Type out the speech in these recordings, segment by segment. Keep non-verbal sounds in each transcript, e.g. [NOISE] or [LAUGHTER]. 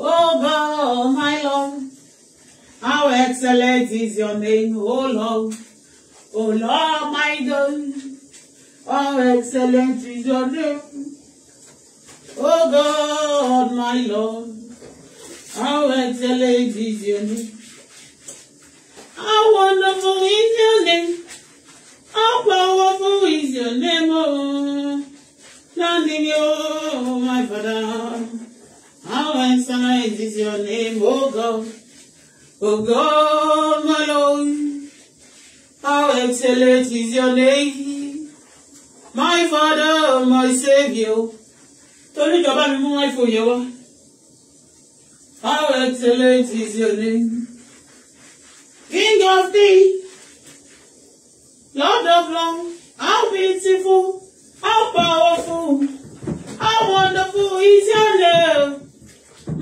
Oh God, my Lord, how excellent is your name, oh Lord. Oh Lord, my God, how excellent is your name my Lord. How excellent is your name. How wonderful is your name. How powerful is your name, oh. Standing you, my Father. How excellent is your name, oh God. Oh God, my Lord. How excellent is your name. My Father, my Savior. torí ìjọba mi mú iphone yẹn wá how excellent is your name king of the lord of lords how beautiful how powerful how wonderful is your love,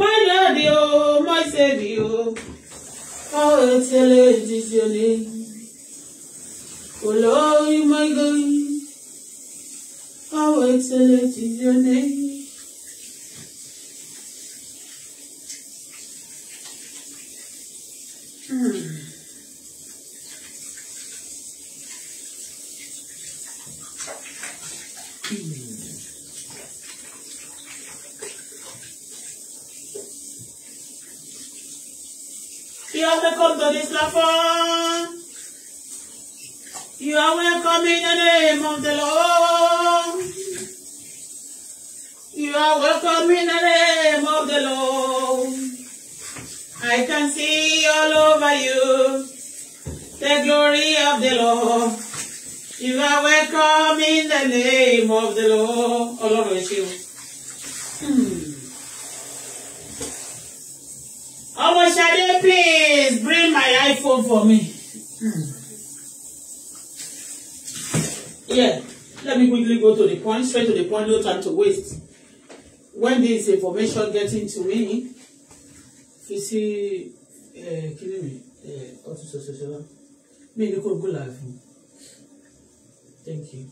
my lord o oh, my Savior. o how excellent is your name o oh, lord my god how excellent is your name. You are welcome to this platform. You are welcome in the name of the Lord. You are welcome in the name I can see your Lord. over you the glory of the Lord. You are welcome in the name of the Lord. Ọlọ́run ẹ ṣé o. Hmm. Ọmọ Ṣadé please bring my iPhone for me. Hmm. Yeah, let me quickly go to the point, straight to the point, no time to waste. When this information gets into me, you see. Eh, kí lè mi ọtún ṣọṣọṣọ wa mi ní kó gòlà fún thank you.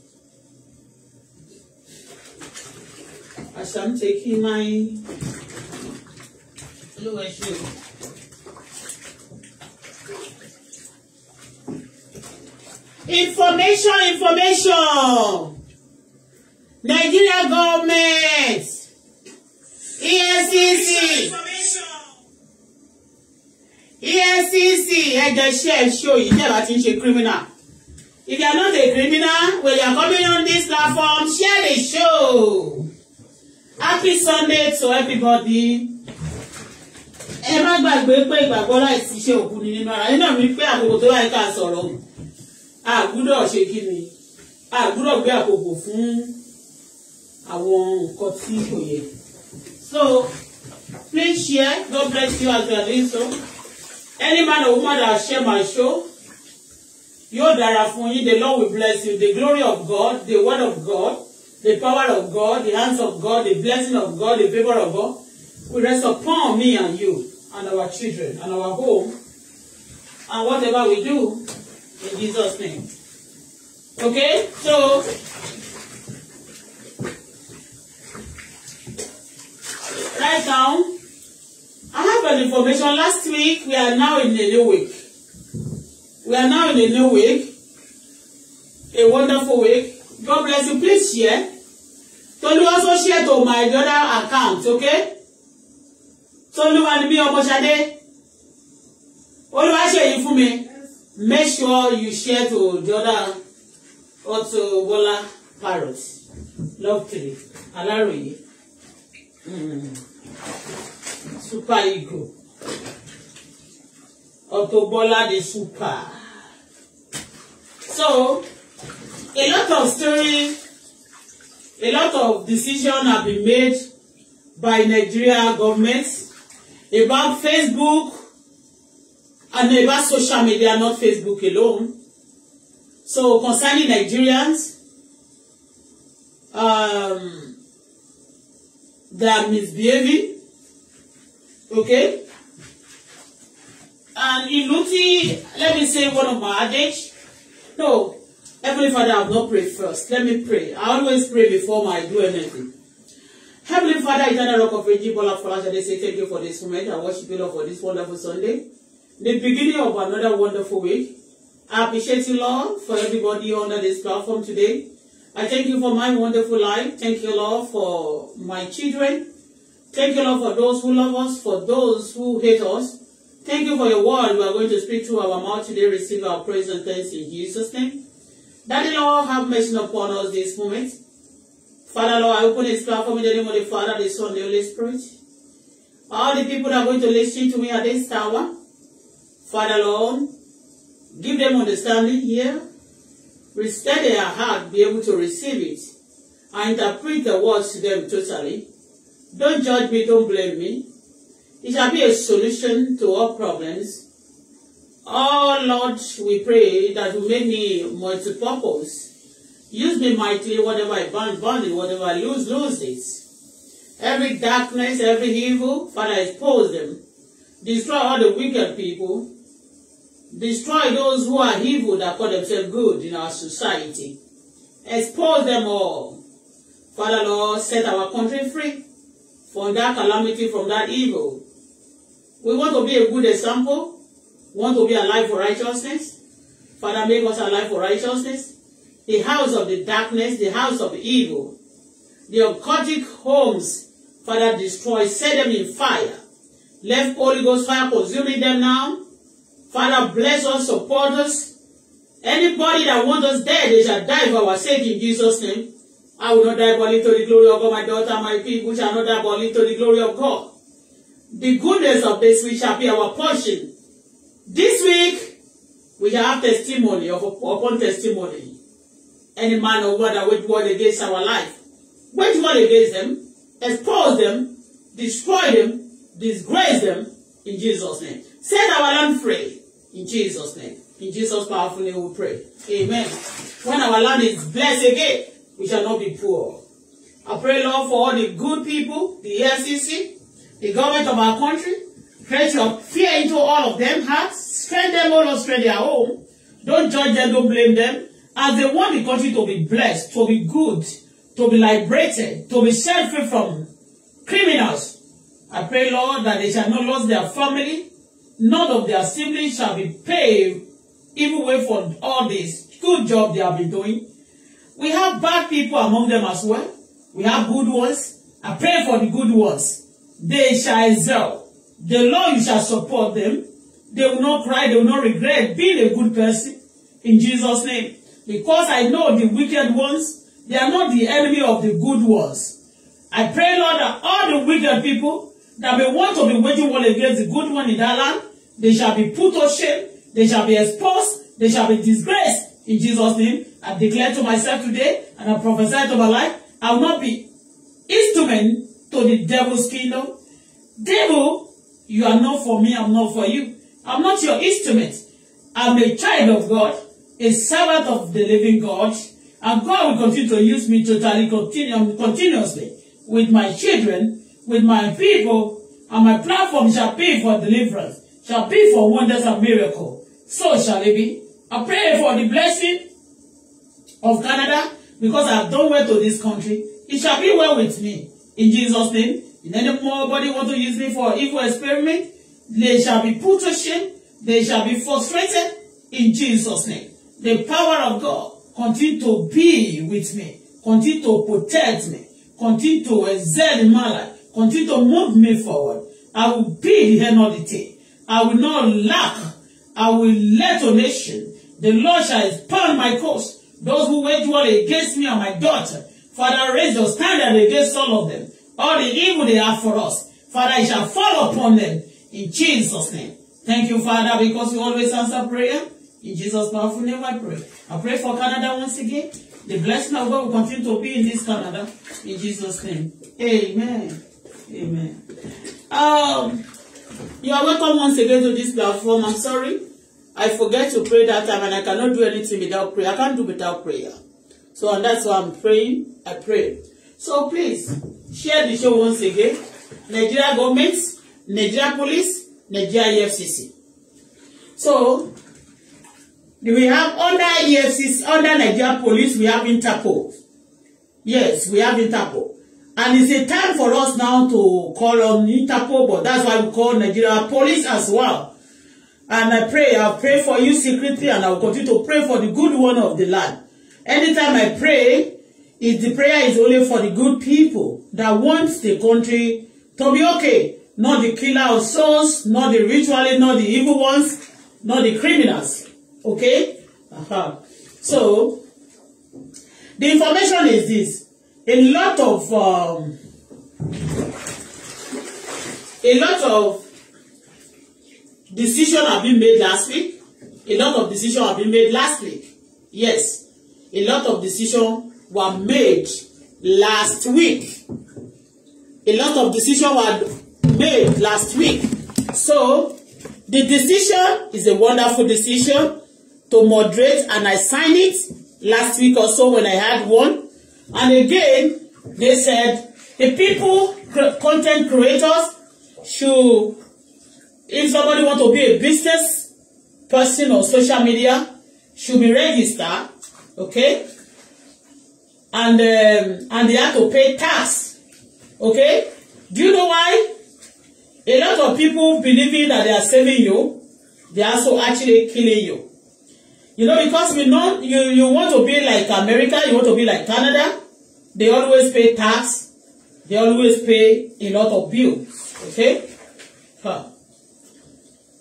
As I'm taking my lower shoe. Information, information. Nigeria government. EFCC. EFCC ẹjọ ṣe ẹ ṣó yìí jẹba ti ń ṣe criminal if you are not a criminal when you are coming on this platform share the show happy Sunday to everybody ẹ má gbàgbé pé ìgbàgbọ́ láìsí iṣẹ́ òkú ni nínú ara nínú mi pé àkókò tó láyé ká sọ̀rọ̀ àgúdọ̀ ṣe kí ni àgúdọ̀ gbé àkókò fún àwọn nǹkan tí kò yẹ so please share God bless you as you are doing so. Any man or woman that share my show, yóò dára fún yín the Lord will bless you the glory of God the word of God the power of God the hands of God the blessing of God the favor of God will rest upon me and you and our children and our home and whatever we do in Jesus name okay so write down I have an information. Last week, we are now in a new week. We are now in a new week. A wonderful week. God bless you. Please share. Tolu also share to my other account, okay? Tolu and me Omoshade. you for me. Make sure you share to the Jordan Auto Bola Parrot. Love three. Aláròyé. Mm super ego autobola Bola the super. So, a lot of story, a lot of decision have been made by Nigeria government about Facebook and about social media, not Facebook alone. So concerning Nigerians, um, they are misbehaving. Okay? And in Luti, let me say one of my adage. No, Heavenly Father, I've not prayed first. Let me pray. I always pray before I do anything. Heavenly Father, eternal rock of ages, Bola Folashade, say thank you for this moment. I worship you, Lord, for this wonderful Sunday. The beginning of another wonderful week. I appreciate you, Lord, for everybody under this platform today. I thank you for my wonderful life. Thank you, Lord, for my children. Thank you, Lord, for those who love us, for those who hate us. Thank you for your word. We are going to speak through our mouth today. Receive our praise and thanks in Jesus' name. Daddy, Lord, have mercy upon us this moment. Father, Lord, I open this platform in the name of the Father, the Son, the Holy Spirit. All the people that are going to listen to me at this hour, Father, Lord, give them understanding here. Restore their heart, be able to receive it. and interpret the words to them totally. Don't judge me, don't blame me. It shall be a solution to all problems. Oh Lord, we pray that you make me multi-purpose. Use me mightily, whatever I burn, burn it, whatever I lose, lose it. Every darkness, every evil, Father, expose them. Destroy all the wicked people. Destroy those who are evil that call themselves good in our society. Expose them all. Father, Lord, set our country free. from that calamity, from that evil. We want to be a good example. We want to be alive for righteousness. Father, make us alive for righteousness. The house of the darkness, the house of evil, the occultic homes, Father, destroy, set them in fire. Let Holy Ghost fire consuming them now. Father, bless us, support us. Anybody that wants us dead, they shall die for our sake in Jesus' name. I will not die boldly to the glory of God, my daughter, my people shall not die boldly to the glory of God. The goodness of this week shall be our portion. This week, we shall have testimony of, upon testimony. Any man or woman that wage war against our life, wage war against them, expose them, destroy them, disgrace them, in Jesus' name. Set our land free, in Jesus' name. In Jesus' powerful name we pray. Amen. When our land is blessed again, We shall not be poor. I pray, Lord, for all the good people, the SEC, the government of our country. Create your fear into all of them hearts. Strengthen them, all strengthen their home. Don't judge them, don't blame them. As they want the country to be blessed, to be good, to be liberated, to be set free from criminals. I pray, Lord, that they shall not lose their family. None of their siblings shall be paid even way for all this good job they have been doing. We have bad people among them as well. We have good ones. I pray for the good ones. They shall excel. The Lord shall support them. They will not cry. They will not regret being a good person. In Jesus' name. Because I know the wicked ones, they are not the enemy of the good ones. I pray, Lord, that all the wicked people that may want to be waging war against the good one in that land, they shall be put to shame. They shall be exposed. They shall be disgraced. In Jesus' name. I declare to myself today, and I prophesy to my life, I will not be instrument to the devil's kingdom. Devil, you are not for me, I'm not for you. I'm not your instrument. I'm a child of God, a servant of the living God, and God will continue to use me totally, continu um, continuously, with my children, with my people, and my platform shall be for deliverance, shall be for wonders and miracles. So shall it be. I pray for the blessing of Canada, because I have done well to this country, it shall be well with me. In Jesus' name, in any more body want to use me for evil experiment, they shall be put to shame, they shall be frustrated in Jesus' name. The power of God continue to be with me, continue to protect me, continue to excel in my life, continue to move me forward. I will be the end of the day. I will not lack. I will let a nation. The Lord shall expand my course. Those who wage war against me and my daughter, Father, raise your standard against all of them. All the evil they have for us, Father, it shall fall upon them in Jesus' name. Thank you, Father, because you always answer prayer. In Jesus' powerful name, I pray. I pray for Canada once again. The blessing of God will continue to be in this Canada. In Jesus' name. Amen. Amen. Um, you are welcome once again to this platform. I'm sorry. I forget to pray that time and I cannot do anything without prayer. I can't do without prayer. So and that's why I'm praying. I pray. So please share the show once again. Nigeria government, Nigeria police, Nigeria EFCC. So we have under EFCC, under Nigeria police, we have Interpol. Yes, we have Interpol. And it's a time for us now to call on Interpol, but that's why we call Nigeria police as well. And I pray, I'll pray for you secretly and I'll continue to pray for the good one of the land. Anytime I pray, if the prayer is only for the good people that wants the country to be okay, not the killer of souls, not the ritually, not the evil ones, not the criminals. Okay? Uh-huh. So, the information is this. A lot of, um, a lot of Decision have been made last week. A lot of decision have been made last week. Yes, a lot of decision were made last week. A lot of decision were made last week. So, the decision is a wonderful decision to moderate and I signed it last week or so when I had one. And again, they said the people, content creators, should If somebody want to be a business person on social media, should be registered, okay? And um, and they have to pay tax, okay? Do you know why? A lot of people believing that they are saving you, they are also actually killing you. You know, because we know you, you want to be like America, you want to be like Canada, they always pay tax, they always pay a lot of bills, okay? Huh.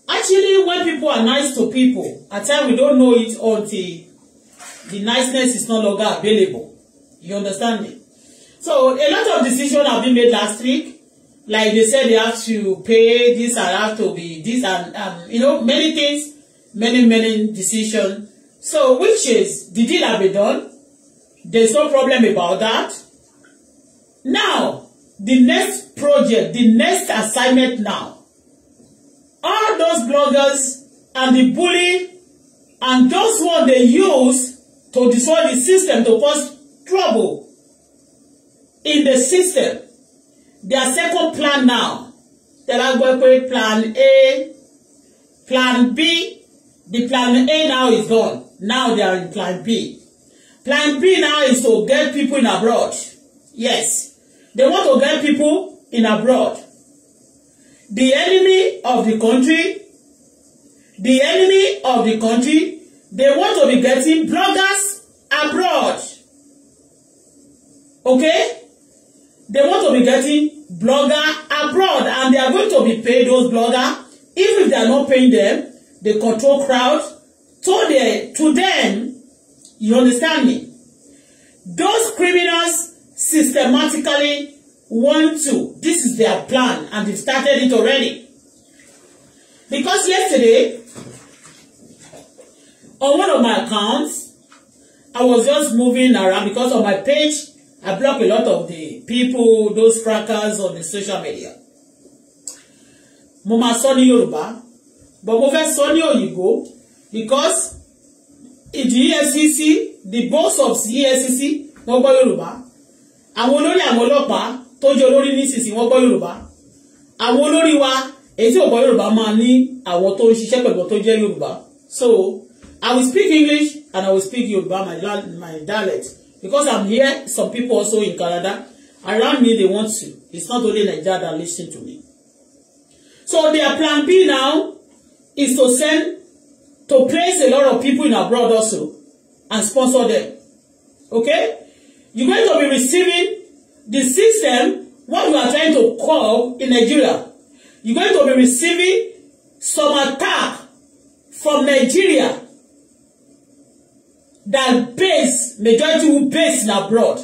Actually, when people are nice to people, at times we don't know it until the niceness is no longer available. You understand me? So a lot of decisions have been made last week. Like they said they have to pay this and have to be this and um, you know, many things, many, many decisions. So which is the deal have been done. There's no problem about that. Now, the next project, the next assignment now all those bloggers and the bully and those one they use to destroy the system to cause trouble in the system their second plan now tẹ́lá gbọ́ plan A plan B the plan A now is gone now they are in plan B plan B now is to get people in abroad yes they want to get people in abroad the enemy of the country the enemy of the country they want to be getting bloggers abroad okay they want to be getting blogger abroad and they are going to be pay those blogger even if they are not paying them they control crowd to the to them you understand me those criminals systematically want to. This is their plan, and they started it already. Because yesterday, on one of my accounts, I was just moving around because on my page, I block a lot of the people, those crackers on the social media. Mama máa sọ but mo fẹ́ sọ ní because in the EFCC, the boss of the EFCC, wọ́n gbọ́ Yorùbá. Àwọn olórí àwọn tó jẹ́ olórí nísinsìnyí wọ́n gbọ́ yorùbá àwọn olórí wa èyí tí ò gbọ́ yorùbá máa ní àwọn tó ń ṣiṣẹ́ pẹ̀lú tó jẹ́ yorùbá so i will speak english and i will speak yorùbá my, my dialect because i'm here some people also in canada around me they want to it's not only nigeria that listen to me so their plan b now is to send to place a lot of people in abroad also and sponsor them okay you're going to be receiving the system what you are trying to call in Nigeria you going to be receiving some attack from Nigeria that base majority will base in abroad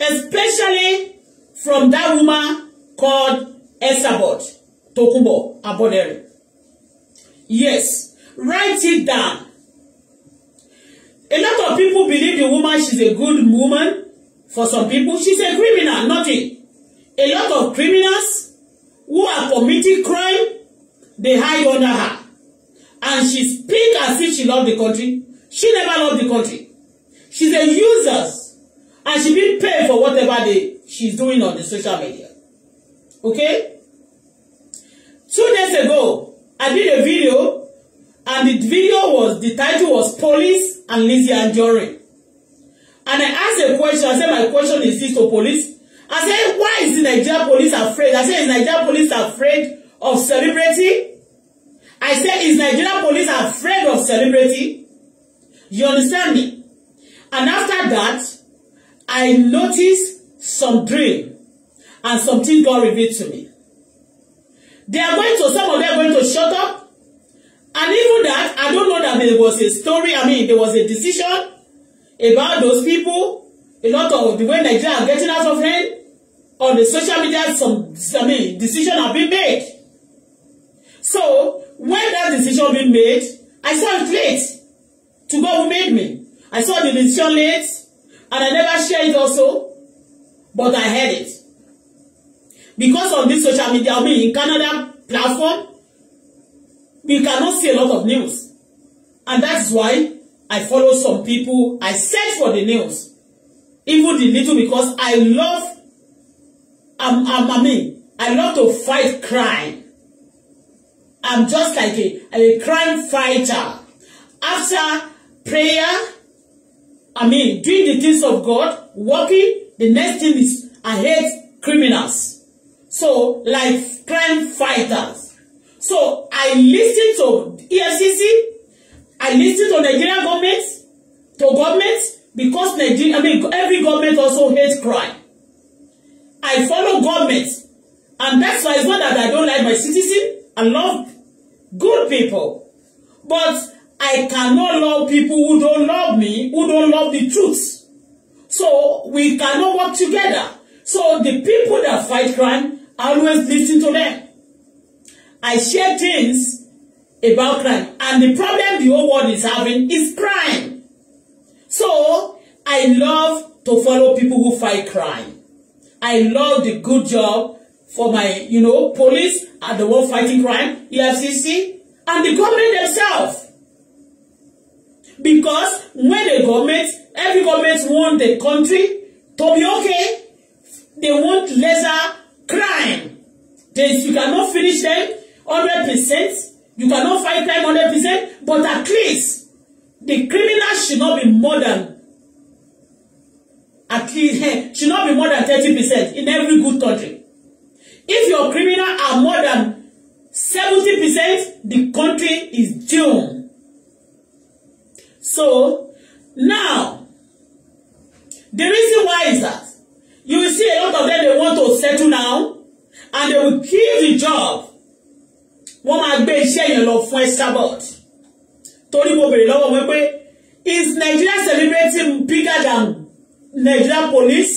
especially from that woman called Esabot Tokumbo Abodere yes write it down a lot of people believe the woman she's a good woman For some people, she's a criminal, nothing. A lot of criminals who are committing crime, they hide under her. And she speak as if she love the country. She never love the country. She's a user. And she been paid for whatever they, she's doing on the social media. Okay? Two days ago, I did a video, and the video was, the title was Police and Lizzie and Anjorin and I ask a question. I say, my question is this to police. I say, why is the Nigeria police afraid? I say, is Nigeria police afraid of celebrity? I say, is Nigeria police afraid of celebrity? You understand me? And after that, I noticed some dream and something God revealed to me. They are going to, some of them are going to shut up. And even that, I don't know that there was a story, I mean, there was a decision about those people, a lot of the way Nigeria are getting out of hand, on the social media, some, I mean, decision have been made. So, when that decision been made, I saw it late to God who made me. I saw the decision late, and I never share it also, but I heard it. Because on this social media, I mean, in Canada platform, we cannot see a lot of news. And that is why I follow some people. I search for the news. Even the little because I love, I'm um, I mean, I love to fight crime. I'm just like a, a crime fighter. After prayer, I mean, doing the things of God, working, the next thing is I hate criminals. So, like crime fighters. So, I listen to EFCC, I listen to Nigerian government, to government, because Nigeria, I mean, every government also hates crime. I follow government, and that's why it's not that I don't like my citizen. I love good people, but I cannot love people who don't love me, who don't love the truth. So we cannot work together. So the people that fight crime, I always listen to them. I share things about crime. And the problem the whole world is having is crime. So, I love to follow people who fight crime. I love the good job for my, you know, police are the one fighting crime, EFCC, and the government themselves. Because when the government, every government want the country to be okay, they want lesser crime. They, you cannot finish them hundred percent. You cannot fight crime 100%, but at least the criminal should not be more than at least [LAUGHS] should not be more than thirty percent in every good country. If your criminal are more than seventy percent, the country is doomed. So, now, the reason why is that you will see a lot of them, they want to settle down and they will give the job wọ́n máa gbé iṣẹ́ yẹn lọ fún Esabod torí mo bèrè lọ́wọ́ wọn pé is Nigeria celebrating bigger than Nigeria police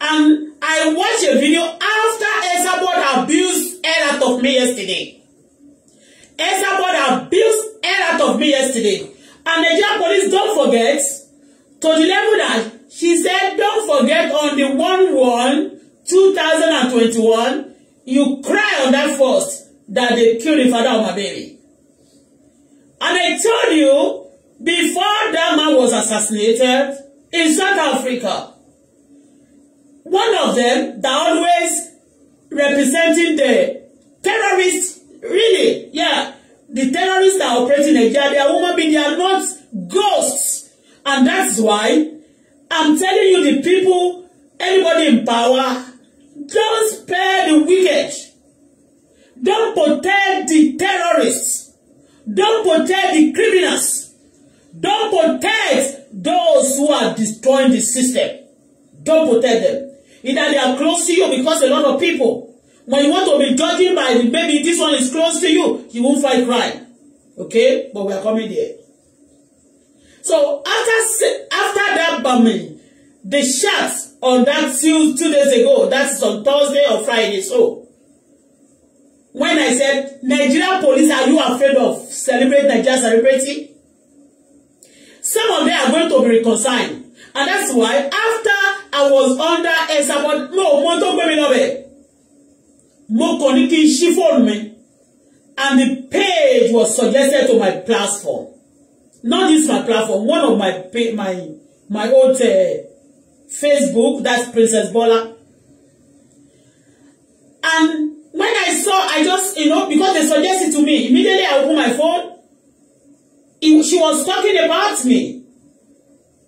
and I watched a video after Esabod abused hell out of me yesterday Esabod abused hell out of me yesterday and Nigeria police don't forget to the level that she said don't forget on the one one two thousand and twenty one you cry on that first that they kill the father of my baby. And I told you, before that man was assassinated in South Africa, one of them that always representing the terrorists, really, yeah, the terrorists that operate in Nigeria, they are human beings, they are not ghosts. And that's why I'm telling you the people, anybody in power, Don't spare the wicked. Don't protect the terrorists. Don't protect the criminals. Don't protect those who are destroying the system. Don't protect them. Either they are close to you because a lot of people, when you want to be judging by the baby, this one is close to you, you won't fight crime. Okay? But we are coming there. So after after that bombing, the shots on that two, two days ago. That's on Thursday or Friday. So, when I said, Nigerian police, are you afraid of celebrate Nigeria celebrating? Some of them are going to be reconciled. And that's why after I was under a support, no, mo tó gbé mi lọ bẹ̀. Mo kàn ní kí n mi. And the page was suggested to my platform. Not this my platform, one of my my my old uh, Facebook, that's Princess Bola. And when I saw, I just, you know, because they suggested to me, immediately I opened my phone. It, she was talking about me,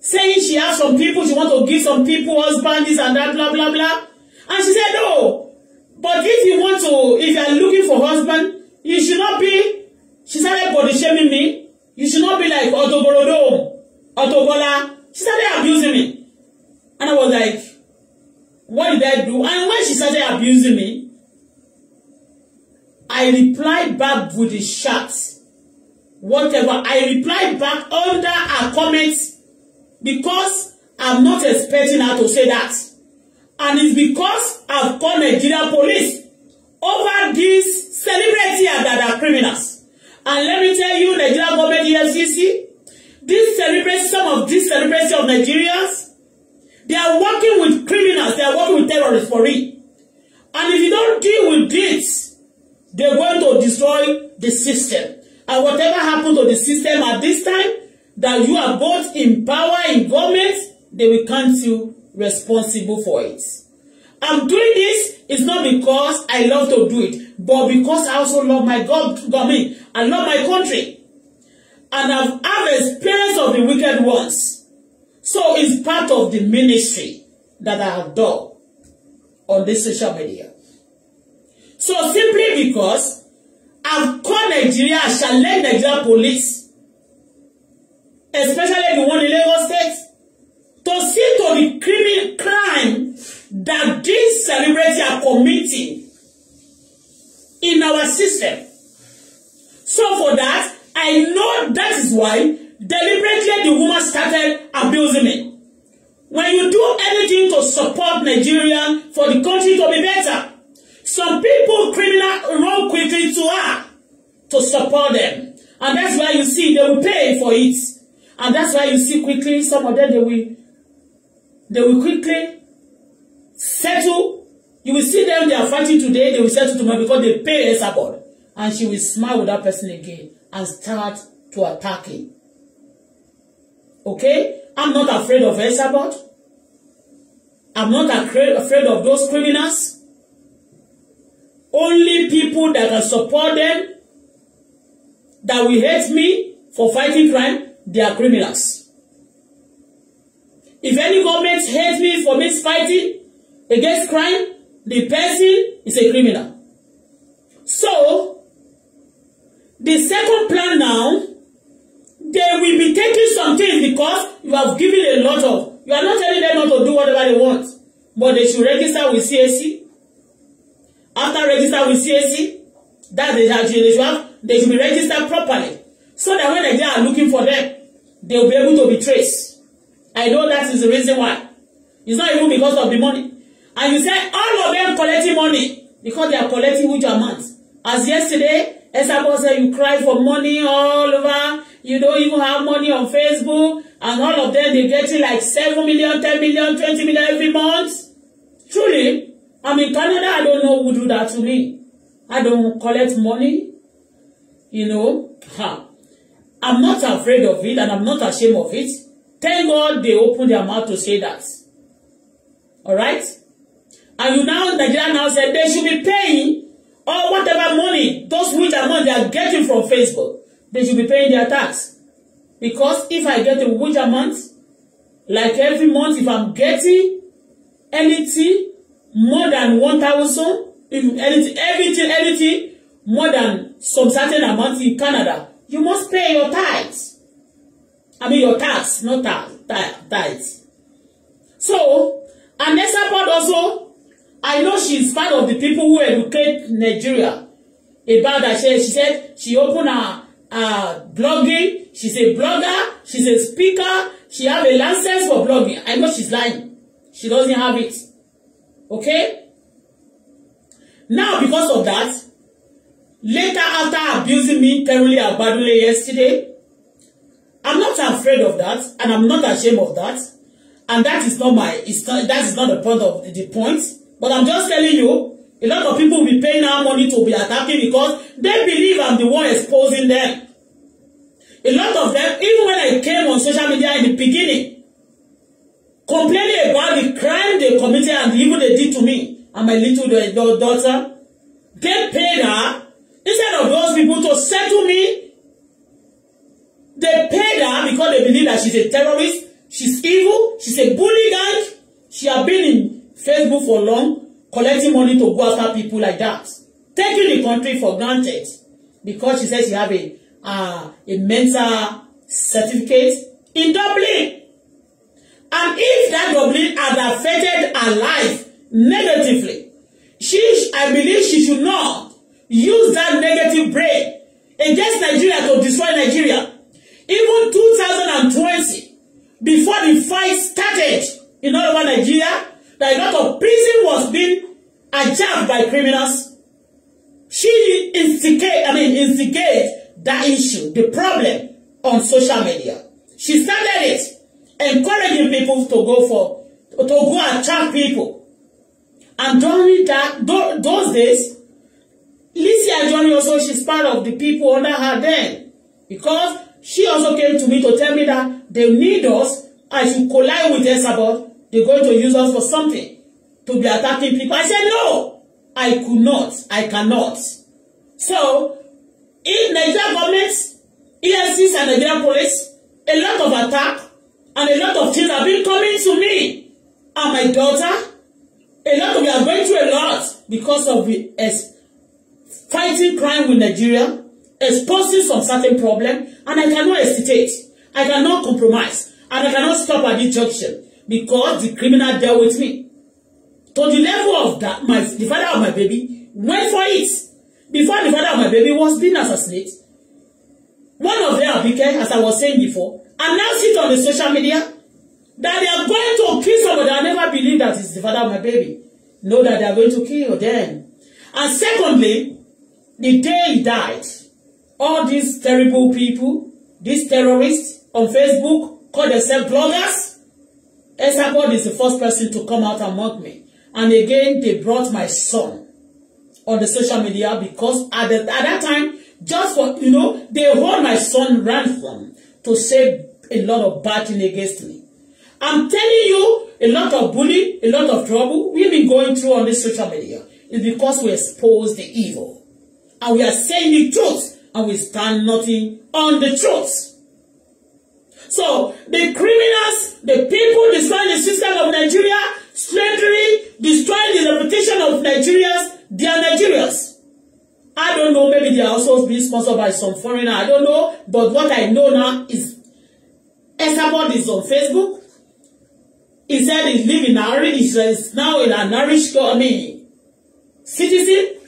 saying she has some people, she want to give some people husband, this and that, blah, blah, blah. And she said, no, but if you want to, if you are looking for husband, you should not be, she started body shaming me, you should not be like Auto Otobola. She started abusing me. And I was like, what did I do? And when she started abusing me, I replied back with a shot. Whatever. I replied back under her comments because I'm not expecting her to say that. And it's because I've called Nigeria police over these celebrities that are criminals. And let me tell you, Nigeria government EFCC, these celebrities, some of these celebrities of Nigerians, They are working with criminals. They are working with terrorists for it. And if you don't deal with this, they're going to destroy the system. And whatever happened to the system at this time, that you are both in power, in government, they will count you responsible for it. I'm doing this, it's not because I love to do it, but because I also love my God, I mean, I love my country. And I've, I've experience of the wicked ones. So it's part of the ministry that I have done on this social media. So simply because I've called Nigeria, I shall let Nigeria police, especially the one in Lagos State, to see to the criminal crime that these celebrities are committing in our system. So for that, I know that is why Deliberately, the woman started abusing me. When you do anything to support Nigeria for the country to be better, some people criminal run quickly to her to support them. And that's why you see they will pay for it. And that's why you see quickly some of them they will they will quickly settle. You will see them they are fighting today, they will settle tomorrow because they pay a support. And she will smile with that person again and start to attack him. Okay? I'm not afraid of Elzabod. I'm not afraid of those criminals. Only people that can support them, that will hate me for fighting crime, they are criminals. If any government hates me for me fighting against crime, the person is a criminal. So, the second plan now they will be taking some things because you have given a lot of. You are not telling them not to do whatever they want, but they should register with CAC. After register with CAC, that they have they should have, they should be registered properly, so that when they are looking for them, they will be able to be traced. I know that is the reason why. It's not even because of the money. And you say all of them collecting money because they are collecting huge amounts. As yesterday, as I was saying, uh, you cry for money all over. You don't even have money on Facebook. And all of them, they get it like 7 million, 10 million, 20 million every month. Truly, I'm in Canada. I don't know who do that to me. I don't collect money. You know, ha. I'm not afraid of it and I'm not ashamed of it. Thank God they opened their mouth to say that. Alright? And you now, Nigeria now said they should be paying or whatever money those rich amount they are getting from Facebook, they should be paying their tax. Because if I get a rich amount, like every month, if I'm getting anything more than one thousand, if anything, everything, anything more than some certain amount in Canada, you must pay your tithes. I mean your tax, not tax, tithes. So, Anessa extra also I know she's part of the people who educate Nigeria about that. She, she said she opened a, a blogging. She's a blogger. She's a speaker. She have a license for blogging. I know she's lying. She doesn't have it. Okay? Now, because of that, later after abusing me terribly and badly yesterday, I'm not afraid of that, and I'm not ashamed of that. And that is not my, it's not, that is not the point of the point. But I'm just telling you, a lot of people be paying our money to be attacking because they believe I'm the one exposing them. A lot of them, even when I came on social media in the beginning, complaining about the crime they committed and the evil they did to me and my little daughter, they paid her, instead of those people to settle me, they paid her because they believe that she's a terrorist, she's evil, she's a bully gang, she has been in Facebook for long, collecting money to go after people like that, taking the country for granted because she says she have a uh, a mental certificate in Dublin. And if that Dublin has affected her life negatively, she, I believe she should not use that negative brain against Nigeria to destroy Nigeria. Even 2020, before the fight started in all over Nigeria, that a lot of prison was being hijacked by criminals. She instigate, I mean, instigate that issue, the problem on social media. She started it, encouraging people to go for, to go attack people. And during that, those days, Lizzie and Johnny also, she's part of the people under her then. Because she also came to me to tell me that they need us, I should collide with Esabod They're going to use us for something to be attacking people. I said, no, I could not, I cannot. So, in Nigerian government, EFCs and Nigerian police, a lot of attack and a lot of things have been coming to me and my daughter. A lot of we are going through a lot because of the fighting crime with Nigeria, exposing some certain problem, and I cannot hesitate. I cannot compromise, and I cannot stop at this junction because the criminal dealt with me to the level of that my the father of my baby went for it before the father of my baby was being assassinated one of their Abike as I was saying before announced it on the social media that they are going to kill somebody I never believed that is the father of my baby know that they are going to kill them and secondly the day he died all these terrible people these terrorists on Facebook call themselves bloggers Ichabod is the first person to come out among me. And again, they brought my son on the social media because at, the, at that time, just for, you know, they hold my son ransom to say a lot of bad thing against me. I'm telling you, a lot of bullying, a lot of trouble we've been going through on this social media is because we expose the evil. And we are saying the truth and we stand nothing on the truth. So the criminals, the people destroying the system of Nigeria, slavery, destroying the reputation of Nigerians, they are Nigerians. I don't know, maybe they are also being sponsored by some foreigner, I don't know. But what I know now is Esabod is on Facebook. He said he's living in Nari, he's now in a Narish, I citizen.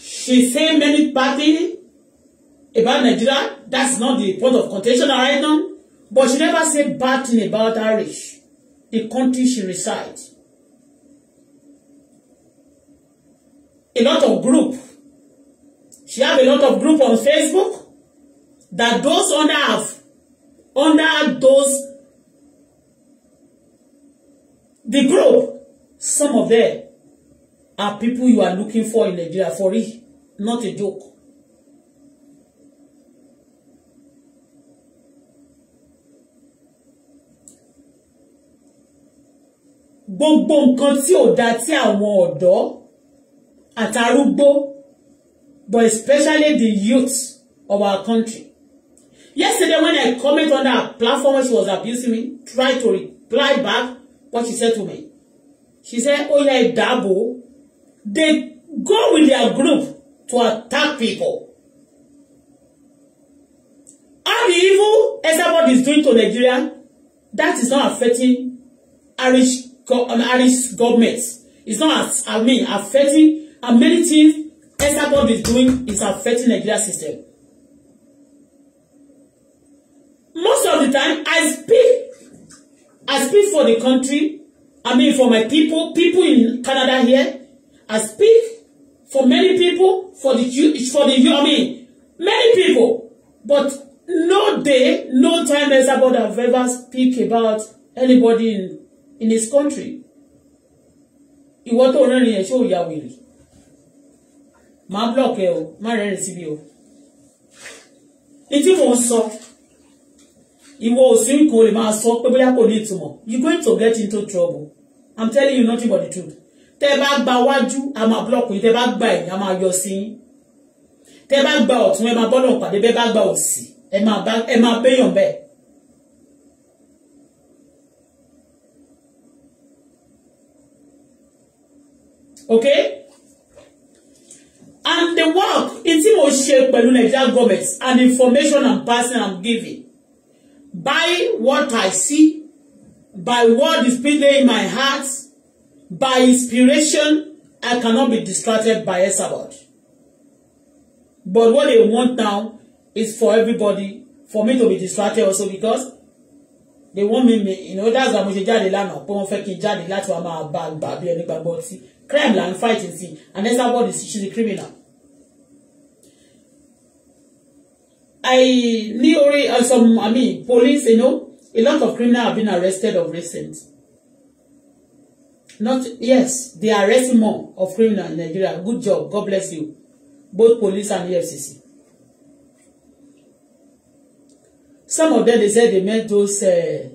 She saying many party about Nigeria. That's not the point of contention right now. But she never said bad thing about Irish, the country she resides. A lot of group. She have a lot of group on Facebook that those under have under those the group some of them are people you are looking for in Nigeria for real not a joke gbogbo nǹkan tí ò da tí àwọn ọ̀dọ́ àtàrúgbó but especially the youth of our country. Yesterday when I comment on that platform she was abusing me, try to reply back what she said to me. She said, Oya oh Edabo, they go with their group to attack people. All the evil Esabod is doing to Nigeria, that is not affecting Irish On Irish government. It's not as, I mean, affecting, and many things Esther God is doing is affecting Nigeria system. Most of the time, I speak, I speak for the country, I mean for my people, people in Canada here, I speak for many people, for the for the I mean, many people, but no day, no time as about have ever speak about anybody in in his country ìwọ tó rẹ́rìn ẹ̀ ṣé ò ya wèrè máa block ẹ o má rẹ́rìn síbi o ní tí mò ń sọ ìwọ òsín kò lè máa sọ pé bóyá kò ní ìtumọ̀ you going to get into trouble i'm telling you nothing but the truth tẹ́ bá gba wájú a máa block yín tẹ́ bá gba ẹ̀yìn a máa yọ sí yín tẹ́ bá gba ọ̀tún ẹ máa bọ́lọ̀ pàdé bẹ́ẹ̀ bá gba òsì ẹ máa béèyàn bẹ́ẹ̀ okay and the work tí mo ṣe pẹ̀lú Nigerian government and information and passing I'm giving by what I see by what is playing in my heart by inspiration I cannot be distracted by Esabod but what they want now is for everybody for me to be distracted also because they want me me you know that's why mo ṣe jáde lánàá pé wọ́n fẹ́ kí n jáde láti wá máa bá bí ẹni gbàgbọ́ tí crime and fighting fight and and Esabod is she's a criminal. I ní uh, some I mean police you know a lot of criminals have been arrested of recent. Not yes they are arresting more of criminal in Nigeria good job God bless you both police and EFCC. Some of them they said they met those uh,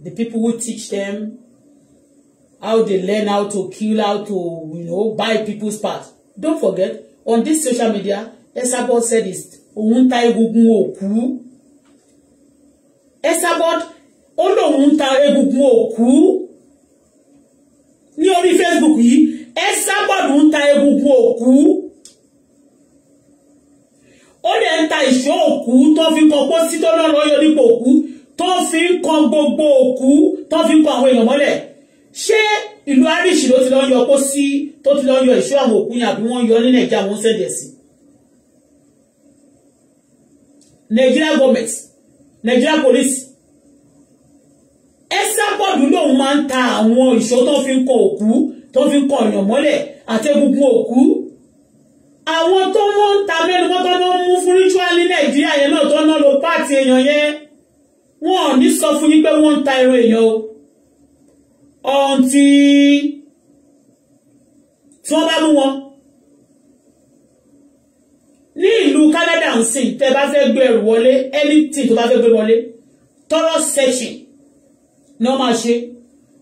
the people who teach them how they learn how to kill how to you know buy people's part don't forget on this social media Esabod said is òun ta egungun òkú Esabod ó lóun ta egungun òkú ní orí Facebook yìí Esabod ń ta egungun òkú ó lè ń ta ìṣó òkú tó fi kan pósí tó lọ́rọ́ yọ nípa òkú tó fi ń kan gbogbo òkú tó fi ń kan àwọn èèyàn mọ́lẹ̀ ṣé ìlú irish ló ti lọ yọ kó sí tó ti lọ yọ ìṣó àwọn òkú yẹn àbí wọ́n yọ ní nàìjíríà wọ́n sẹ̀dẹ̀ sí nigeria goment nigeria police ẹsàpọ̀dù lòun máa ń ta àwọn ìṣó tó fi ń kọ òkú tó fi ń kọ ọ̀yàn mọ́lẹ̀ àti egungun òkú àwọn tó wọ́n ń ta mẹ́nu mọ́tọ́ ló ń mú fún ritual ní nàìjíríà yẹn náà tó ń lọ pààtì èèyàn yẹn wọn ò ní sọ fún yín pé wọ́n ń ta ẹran èèyàn o ọ̀ǹtí tí wọ́n bá mú wọn ní ìlú Canada ń sìn tẹ́ bá fẹ́ gbé ẹrù wọlé anything tó bá fẹ́ gbé wọlé thorough searching ni wọ́n máa ṣe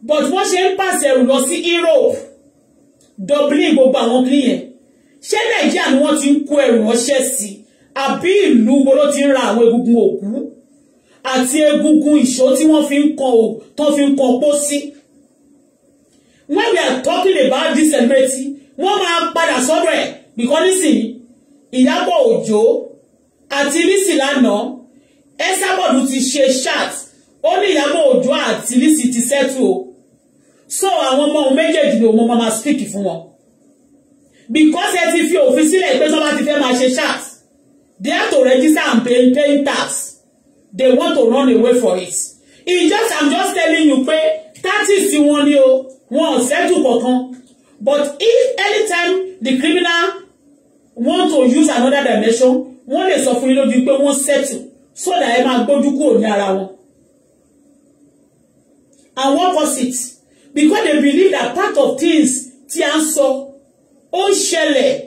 but wọ́n ṣe ń pàṣẹ ẹrù lọ sí Europe Dublin gbogbo àwọn client ṣé Nàìjíríà ni wọ́n ti ń kó ẹrù ránṣẹ́ sí àbí ìlú wo ló ti ń ra àwọn egungun òkú àti egungun ìṣó tí wọ́n fi ń kan ò tó fi ń kan pọ́ when we are talking about this celebrity wọ́n máa padà sọ́dọ̀ ẹ̀ because nísìnyí Ìyábọ̀ Òjó àti Lizzy lánàá Esabod ti ṣe chat ó ní Ìyábọ̀ Òjó àti Lizzy ti settle o so àwọn ọmọ òun méjèèjì ni òun máa speak fún wọn because ẹ ti fi òfin sílẹ̀ pé sọ́ba ti fẹ́ máa ṣe chat they have to register and pay paying tax they want to run away for it e just i'm just telling you pé thirty ti wọn ni o wọn ò settle kankan but if anytime the criminal want to use another dimension wọ́n lè sọ fún yín lójú pé wọ́n settle so that ẹ máa gbójú kúrò ní ara wọn and work opposite because they believe that part of things ti a ń sọ ó ń ṣẹlẹ̀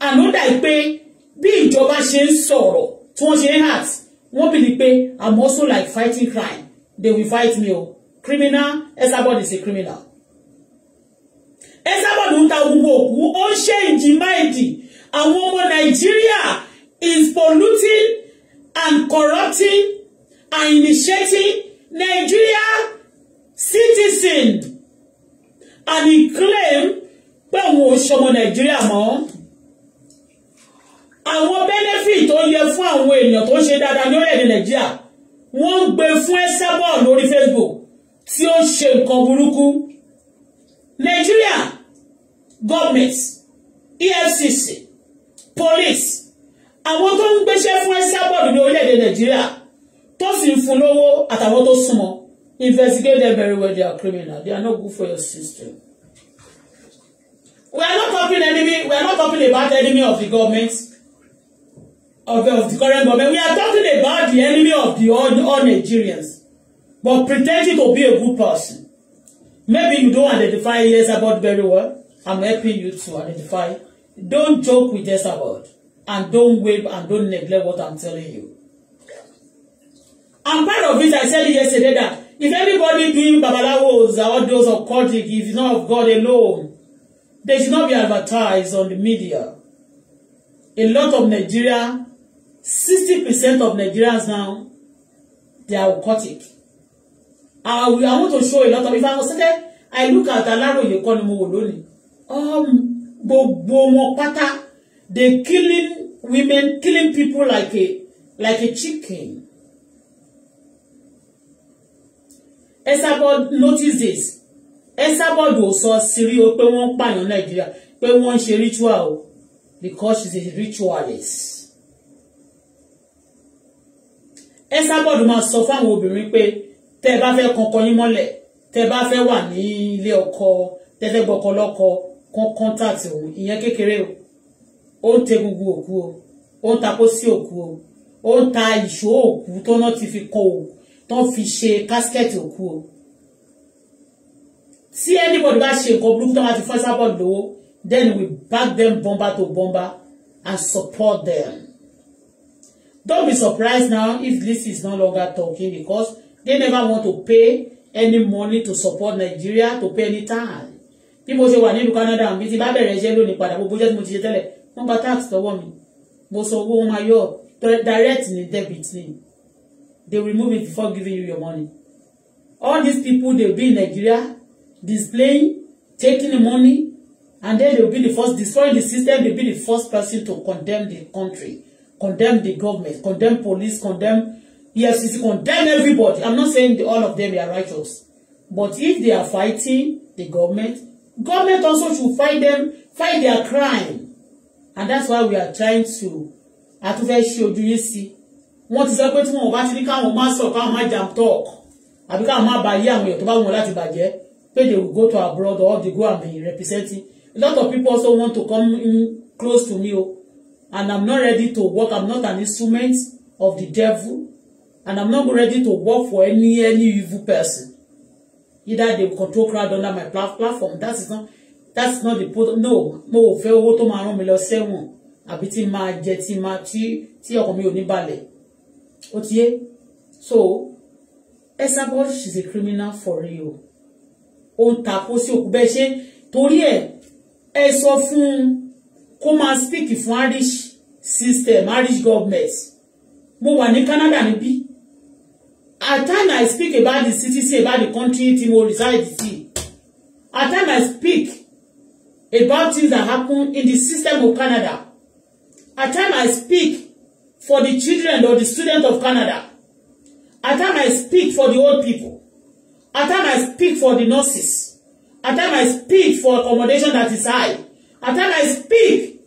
ànúdà pé bí ìjọba ṣe ń sọ̀rọ̀ tí wọ́n ṣe ń hàt wọ́n bìlí pé i'm also like fighting crime they will fight me o criminal everybody is a criminal Esabod ń ta gbogbo òkú ó ń ṣe ìjìmáìdì àwọn ọmọ Nàìjíríà is polluting and corrupting and initiating Nigeria citizen and he claim pé òun ò ṣọmọ Nàìjíríà mọ́ àwọn benefit tó yẹ fún àwọn èèyàn tó ń ṣe dáadáa ní orílẹ̀-èdè Nàìjíríà wọ́n ń gbé fún Esabod lórí Facebook tí ó ń ṣe nǹkan burúkú Nigeria government EFCC police àwọn tó ń gbéṣẹ́ fún ẹ́sàbọ̀dù ní orílẹ̀-èdè Nàìjíríà tó sì ń fún lówó àtàwọn tó súnmọ́ investigate them very well they are criminal they are not good for your system. we are not talking enemy we are not talking about enemy of the government of the, of the current government we are talking about the enemy of the all, all Nigerians but pretending to be a good person Maybe you don't identify Jezebel very well. I'm helping you to identify. Don't joke with Jezebel. And don't wave and don't neglect what I'm telling you. I'm part of it. I said yesterday that if everybody doing babalawos or those of occultic, if it's not of God alone, they should not be advertised on the media. A lot of Nigeria, 60% of Nigerians now, they are occultic. I, will, I want to show a lot of if I was there I look at Aláròyé kọ́ ni mo wò lónìí um, gbogbo wọn pátá they killing women killing people like a like a chicken Esabod notice this Esabod ò sọ sírí o pé wọ́n ń pààyàn Nàìjíríà pé wọ́n ń ṣe ritual o because she is a ritualist. Esabod máa sọ fáwọn obìnrin pé tẹ́ ẹ bá fẹ́ kankan yín mọ́lẹ̀ tẹ́ ẹ bá fẹ́ wà ní ilé ọkọ tẹ́ ẹ fẹ́ gbọ́kọ contact òun ìyẹn kékeré o ó ń tẹ gbogbo òkú o ó ń takó sí òkú o ó ń ta ìṣó òkú tó náà ti fi kọ òkú tó fi ṣe casket òkú o tí anybody bá ṣe nǹkan burúkú tó máa ti fún sábọ̀ lówó then we back them bomba to bomba and support them don't be surprised now if this is no longer talking because they never want to pay any money to support Nigeria to pay any tax bí mo ṣe wà nílùú Canada mi ti bá bẹ̀rẹ̀ iṣẹ́ lónìí padà gbogbo iṣẹ́ tí mo ti ṣe tẹ́lẹ̀ wọ́n gba tax lọ́wọ́ mi mo sọ owó wọn ayọ̀ direct ni debit ni they remove it before giving you your money all these people they be in Nigeria displaying taking the money and then they will be the first destroying the system they will be the first person to condemn the country condemn the government condemn police condemn Yes, it's condemn everybody. I'm not saying all of them are righteous. But if they are fighting the government, government also should fight them, fight their crime. And that's why we are trying to àtúnfẹ́ ṣe ojú yìí sí wọ́n ti sọ pé tí wọn ò bá ti ní káwọn má sọ jam talk àbí káwọn má ba yé àwọn èèyàn tó bá they will go to abroad or they go and be representing a lot of people also want to come in close to me o and I'm not ready to work I'm not an instrument of the devil And I'm not ready to work for any any evil person. Either they control crowd under my platform. That's not that's not the point. No, no. fẹ́ owó tó máa rán say one. sẹ́wọ̀n àbí tí máa jẹ tí máa tí tí ọkàn mi ò ní balẹ̀. So, Esabod she's a criminal for real. On ń ta kó sí òkú bẹ́ẹ̀ ṣe torí ẹ̀ ẹ sọ speak fún Irish system Irish government. Mo wa ni Canada ni bi at time I speak about the city say about the country tí resides. reside at time I speak about things that happen in the system of Canada at time I speak for the children or the students of Canada at time I speak for the old people at time I speak for the nurses at time I speak for accommodation that is high at time I speak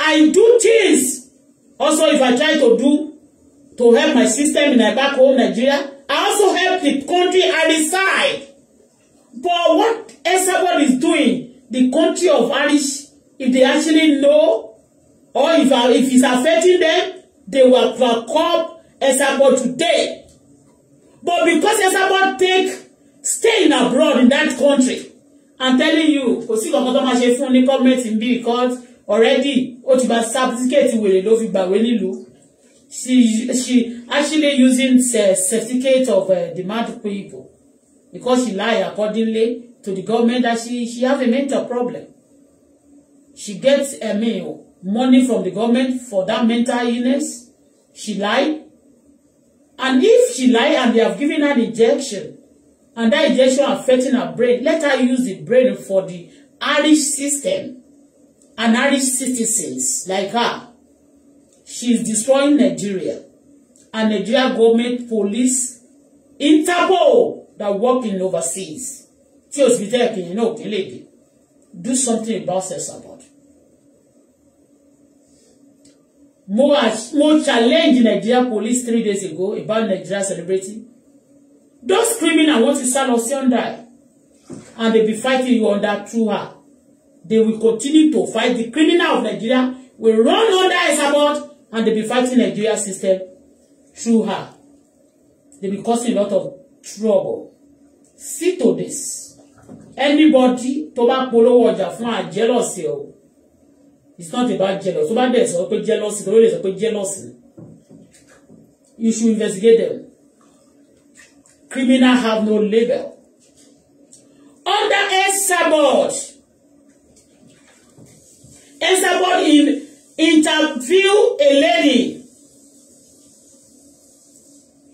I do things also if I try to do to help my system in my back home, Nigeria. I also help the country I reside. But what Esabod is doing, the country of Irish, if they actually know, or if, uh, if it's affecting them, they will back up Esabod today. But because Esabod take staying abroad in that country, I'm telling you, kò sí kankan tó máa ṣe fún ní gọ́ọ̀mẹ̀ntì bíi because already ó ti gba certificate wèrè ló fi gbàwé nílùú she she actually using certificate of uh, demand people because she lie accordingly to the government that she she have a mental problem she gets a mean, money from the government for that mental illness she lie and if she lie and they have given her an injection and that injection affecting her brain let her use the brain for the Irish system and Irish citizens like her she is destroying Nigeria and Nigeria government police Interpol that work in overseas tí òsibítẹ́ ẹ̀kìnyìn náà òkè lady, do something about El Salvador. mo mo challenge Nigeria police three days ago about Nigeria celebrity those criminals want to sell us yonder and they be fighting you under through her they will continue to fight the criminal of Nigeria will run under El Salvador and they be fighting Nigeria system through her. They be causing a lot of trouble. See to this. Anybody tó bá polówó ọjà fún a jealousy It's not about jealousy. Tó bá dẹ̀ sọ jealousy, tó lè sọ pé jealousy. You should investigate them. Criminal have no label. Under Esabod. Esabod in interview a lady.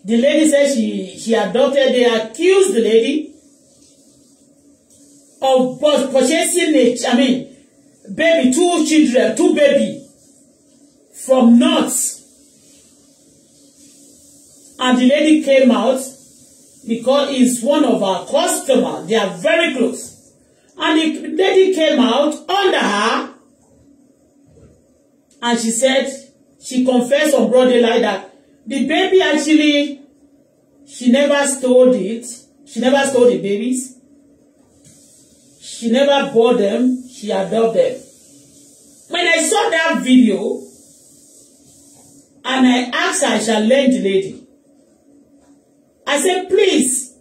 The lady said she, she adopted, they accused the lady of purchasing a, I mean, baby, two children, two baby from nuts. And the lady came out because he's one of our customers. They are very close. And the lady came out under her and she said she confessed on broad daylight that the baby actually she never stole it she never stole the babies she never bought them she adopted them when I saw that video and I asked her I lend the lady I said please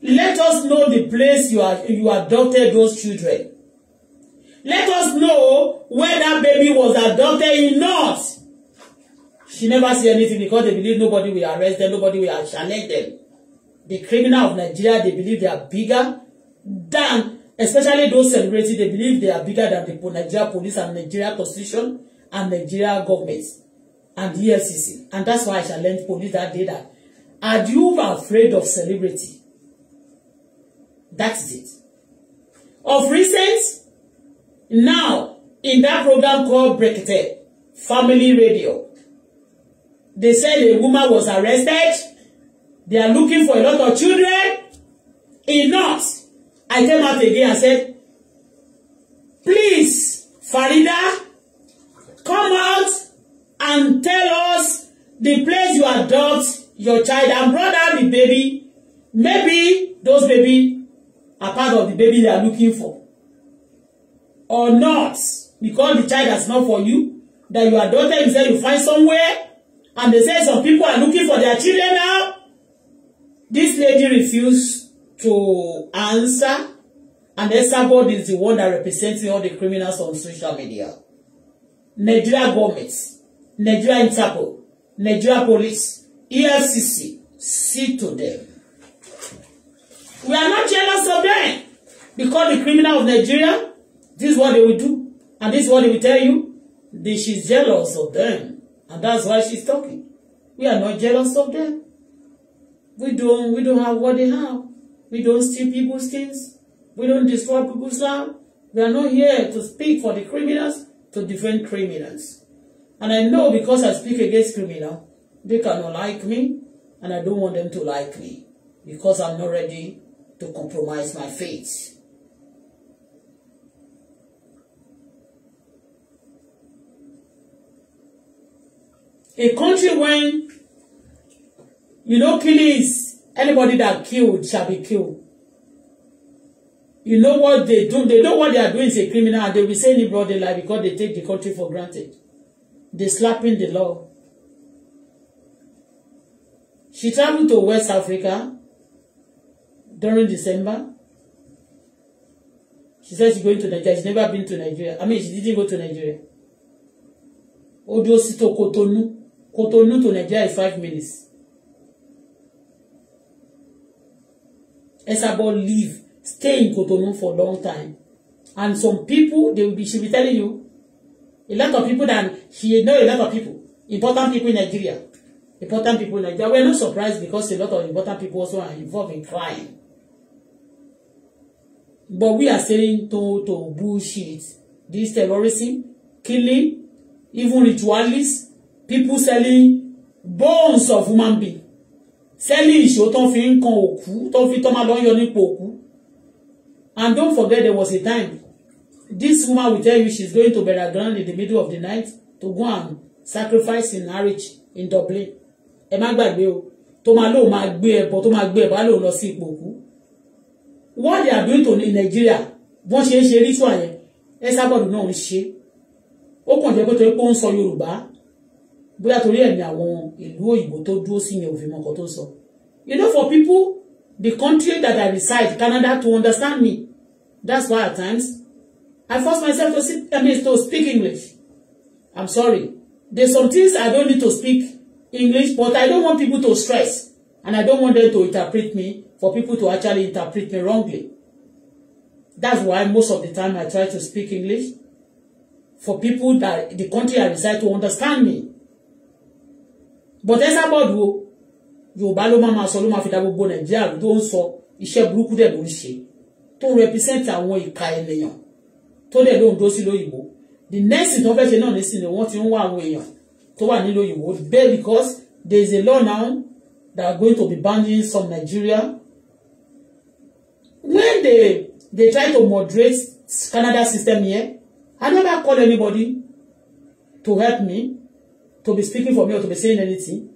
let us know the place you are you adopted those children Let us know where that baby was adopted or not. She never see anything because they believe nobody will arrest them, nobody will challenge them. The criminal of Nigeria, they believe they are bigger than, especially those celebrity. they believe they are bigger than the Nigeria police and Nigeria constitution and Nigeria government and the EFCC. And that's why I challenge police that day that, are you afraid of celebrity? That's it. Of recent, Now, in that program called Brekete, Family Radio, they said a woman was arrested. They are looking for a lot of children. In North, I came out again and said, please, Farida, come out and tell us the place you adopt your child and brother the baby. Maybe those baby are part of the baby they are looking for or not because the child is not for you that your daughter you say you find somewhere and they say some people are looking for their children now this lady refused to answer and Esabod is the one that representing all the criminals on social media Nigeria government Nigeria Interpol Nigeria police EFCC see to them we are not jealous of them because the criminal of Nigeria This is what they will do. And this is what they will tell you. They, she's jealous of them. And that's why she's talking. We are not jealous of them. We don't, we don't have what they have. We don't steal people's things. We don't destroy people's lives. We are not here to speak for the criminals, to defend criminals. And I know because I speak against criminals, they cannot like me, and I don't want them to like me because I'm not ready to compromise my faith. A country when you know killing is anybody that kill shall be killed. You know what they do? They know what they are doing is a criminal and they will say any broad life because they take the country for granted. They slapping the law. She traveled to West Africa during December. She said she's going to Nigeria. She's never been to Nigeria. I mean, she didn't go to Nigeria. Odo dúró sí Cotonou to Nigeria is five minutes. Esabod live, stay in Cotonou for a long time. And some people, they will be, she'll be telling you, a lot of people that she know a lot of people, important people in Nigeria. Important people in Nigeria. We're not surprised because a lot of important people also are involved in crime. But we are saying to to bullshit. This terrorism, killing, even ritualists, people selling bones of human being selling ìṣó tó fi ń kan òkú tó fi tọ́ máa lọ yọ nípò òkú and don't forget there was a time this woman will tell you she's going to burial ground in the middle of the night to go and sacrifice in marriage in Dublin ẹ má gbàgbé o tó máa lóun máa gbé ẹbọ tó máa gbé ẹbọ á lóun lọ sí ipò òkú what they are doing to in Nigeria wọ́n ṣe é ṣe ritual yẹn ẹ sábọ̀dù náà ń ṣe ó kàn jẹ́ pé torí pé ó ń sọ Yorùbá bóyá torí ẹ̀ ní àwọn ìlú òyìnbó tó dúró sí yẹn òfin mọ́kàn tó sọ you know for people the country that I reside Canada to understand me that's why at times I force myself to, sit, I mean, to speak English I'm sorry there's some things I don't need to speak English but I don't want people to stress and I don't want them to interpret me for people to actually interpret me wrongly that's why most of the time I try to speak English for people that the country I reside to understand me but Esabod o yorùbá ló máa sọ ló máa fi da gbogbo nàìjíríà tó ń sọ iṣẹ́ burúkú dẹ̀ ló ń ṣe tó ń represent àwọn ìka ènìyàn tó dẹ̀ ló ń dó sí lóyìnbó the next thing tó fẹ́ ṣe náà ní sinmi wọ́n ti ń wá àwọn èèyàn tó wà nílò òyìnbó bẹ́ẹ̀ because there is a law now that are going to be banning some Nigeria when they they try to moderate Canada system here I never call anybody to help me to be speaking for me or to be saying anything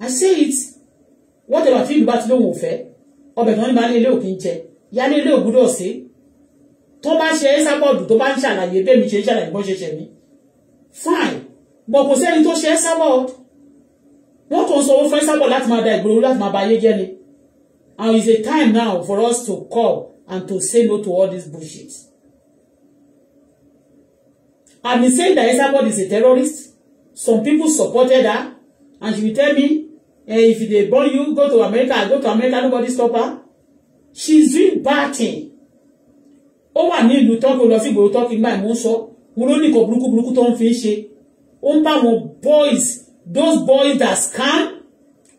I say it whatever tí ìlú bá ti lóhùn Or ọbẹ̀ only ní máa ní ilé òkín jẹ ìyá ní ilé ògúdọ̀ sí tó bá ṣe ẹ́sàbọ̀dù tó bá ń ṣàlàyé bẹ́ẹ̀ mi ṣe ń fine but kò sẹ́ni tó ṣe ẹ́sàbọ̀dù wọ́n kàn sọ owó fún ẹ́sàbọ̀dù láti máa da ìgboro láti máa ba and it's a time now for us to call and to say no to all this bullshit. I've been saying that Esabod is a terrorist. Some people supported her, and she will tell me, eh, if they born you, go to America, go to America, nobody stop her. She's doing bad thing. Ó wà ní ìlú Tọ́kì, ó lọ sí ìgboro Tọ́kì, gbà ìmú sọ, wo ló ní nǹkan burúkú burúkú tó ń fi ń ṣe. Ó ń bá wọn boys, those boys that scam,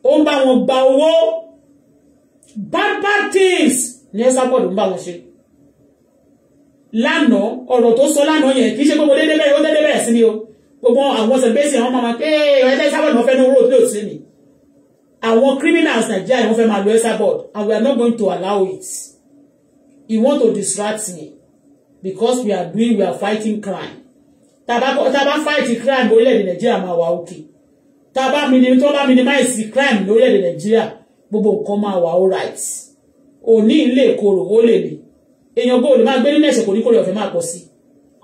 ó ń bá wọn gba owó. Bad bad things ni ẹ sábọ̀ ló ń bá wọn ṣe lánàá ọ̀rọ̀ tó sọ lánàá yẹn kì í ṣe gbogbo dédé bẹ́ẹ̀ ó dédé bẹ́ẹ̀ sí ni o gbogbo àwọn sẹ̀bẹ́sì àwọn máa pé ẹ̀ẹ́dẹ́ sábọ̀dù wọn fẹ́ ní owó òbí òsì ni àwọn criminals Nigeria wọn fẹ́ máa lo ẹ̀ sábọ̀dù and we are not going to allow it he want to distract me because we are doing we are fighting crime tàbá fight crime orílẹ̀-èdè Nàìjíríà máa wà òkè tàbá tó bá minimize crime lórílẹ̀-èdè Nàìjíríà gbogbo nǹkan máa wà all right òní ilé ìkorò ó lè ní èèyàn gbọ́dọ̀ máa gbé nílẹ̀ ìṣẹ̀kọ̀ oníkórè ọ̀fẹ́ máa pọ̀ sí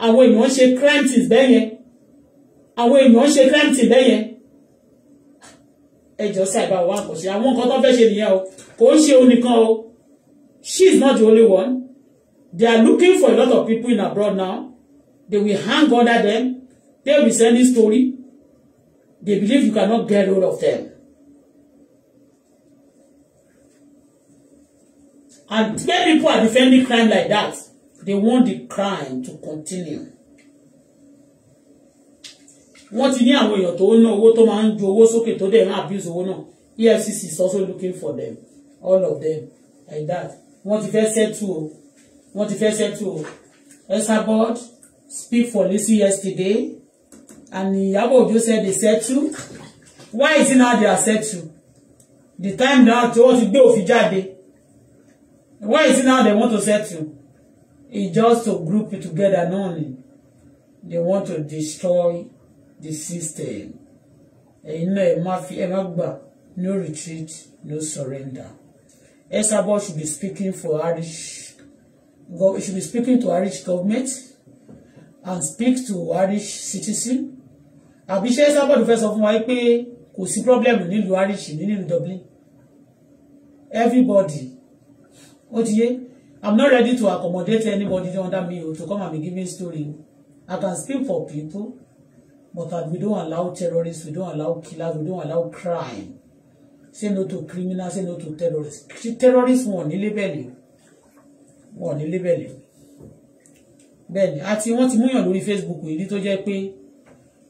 àwọn èèyàn ń ṣe crime things bẹ́ẹ̀ yẹn àwọn èèyàn ṣe fẹ́ǹtì lẹ́yẹn ẹjọ́ sí àbá wa kò ṣe àwọn nǹkan tó fẹ́ ṣe nìyẹn o kò ń ṣe onìkan o she is not the only one they are looking for a lot of people in abroad now they will hang under them they will be sending story they believe you cannot get hold of them. And many people are defending crime like that. They want the crime to continue wọ́n ti ní àwọn èèyàn tó ń ná owó tó máa ń ju owó sókè tó dẹ̀ ń abuse owó náà EFCC is also looking for them all of them like that wọ́n ti fẹ́ settle o wọ́n ti fẹ́ settle o board speak for Lizzy yesterday and Iyabo Ojo said they settle why is it now they are settle the time now to wọ́n ti gbé òfin jáde why is it now they want to settle it's just to group together no only they want to destroy the system ẹ̀yin náà ẹ má fi ẹ má gbà no retreat no surrender esabod should be speaking for Irish go should be speaking to Irish government and speak to Irish citizen àbí ṣé esabod fẹ́ sọ fún wa pé kò sí problem nílùú Irish nílùú Dublin everybody ó ti yé I'm not ready to accommodate anybody under me to come and be giving story I can speak for people. But uh, we don't allow terrorists, we don't allow killers, we don't allow crime. Say no to criminals, say no to terrorists. Terrorists wọn ní lébẹ̀lì. Wọn ní lébẹ̀lì. Bẹ́ẹ̀ni, àti wọ́n ti múyàn lórí Facebook yìí tó jẹ́ pé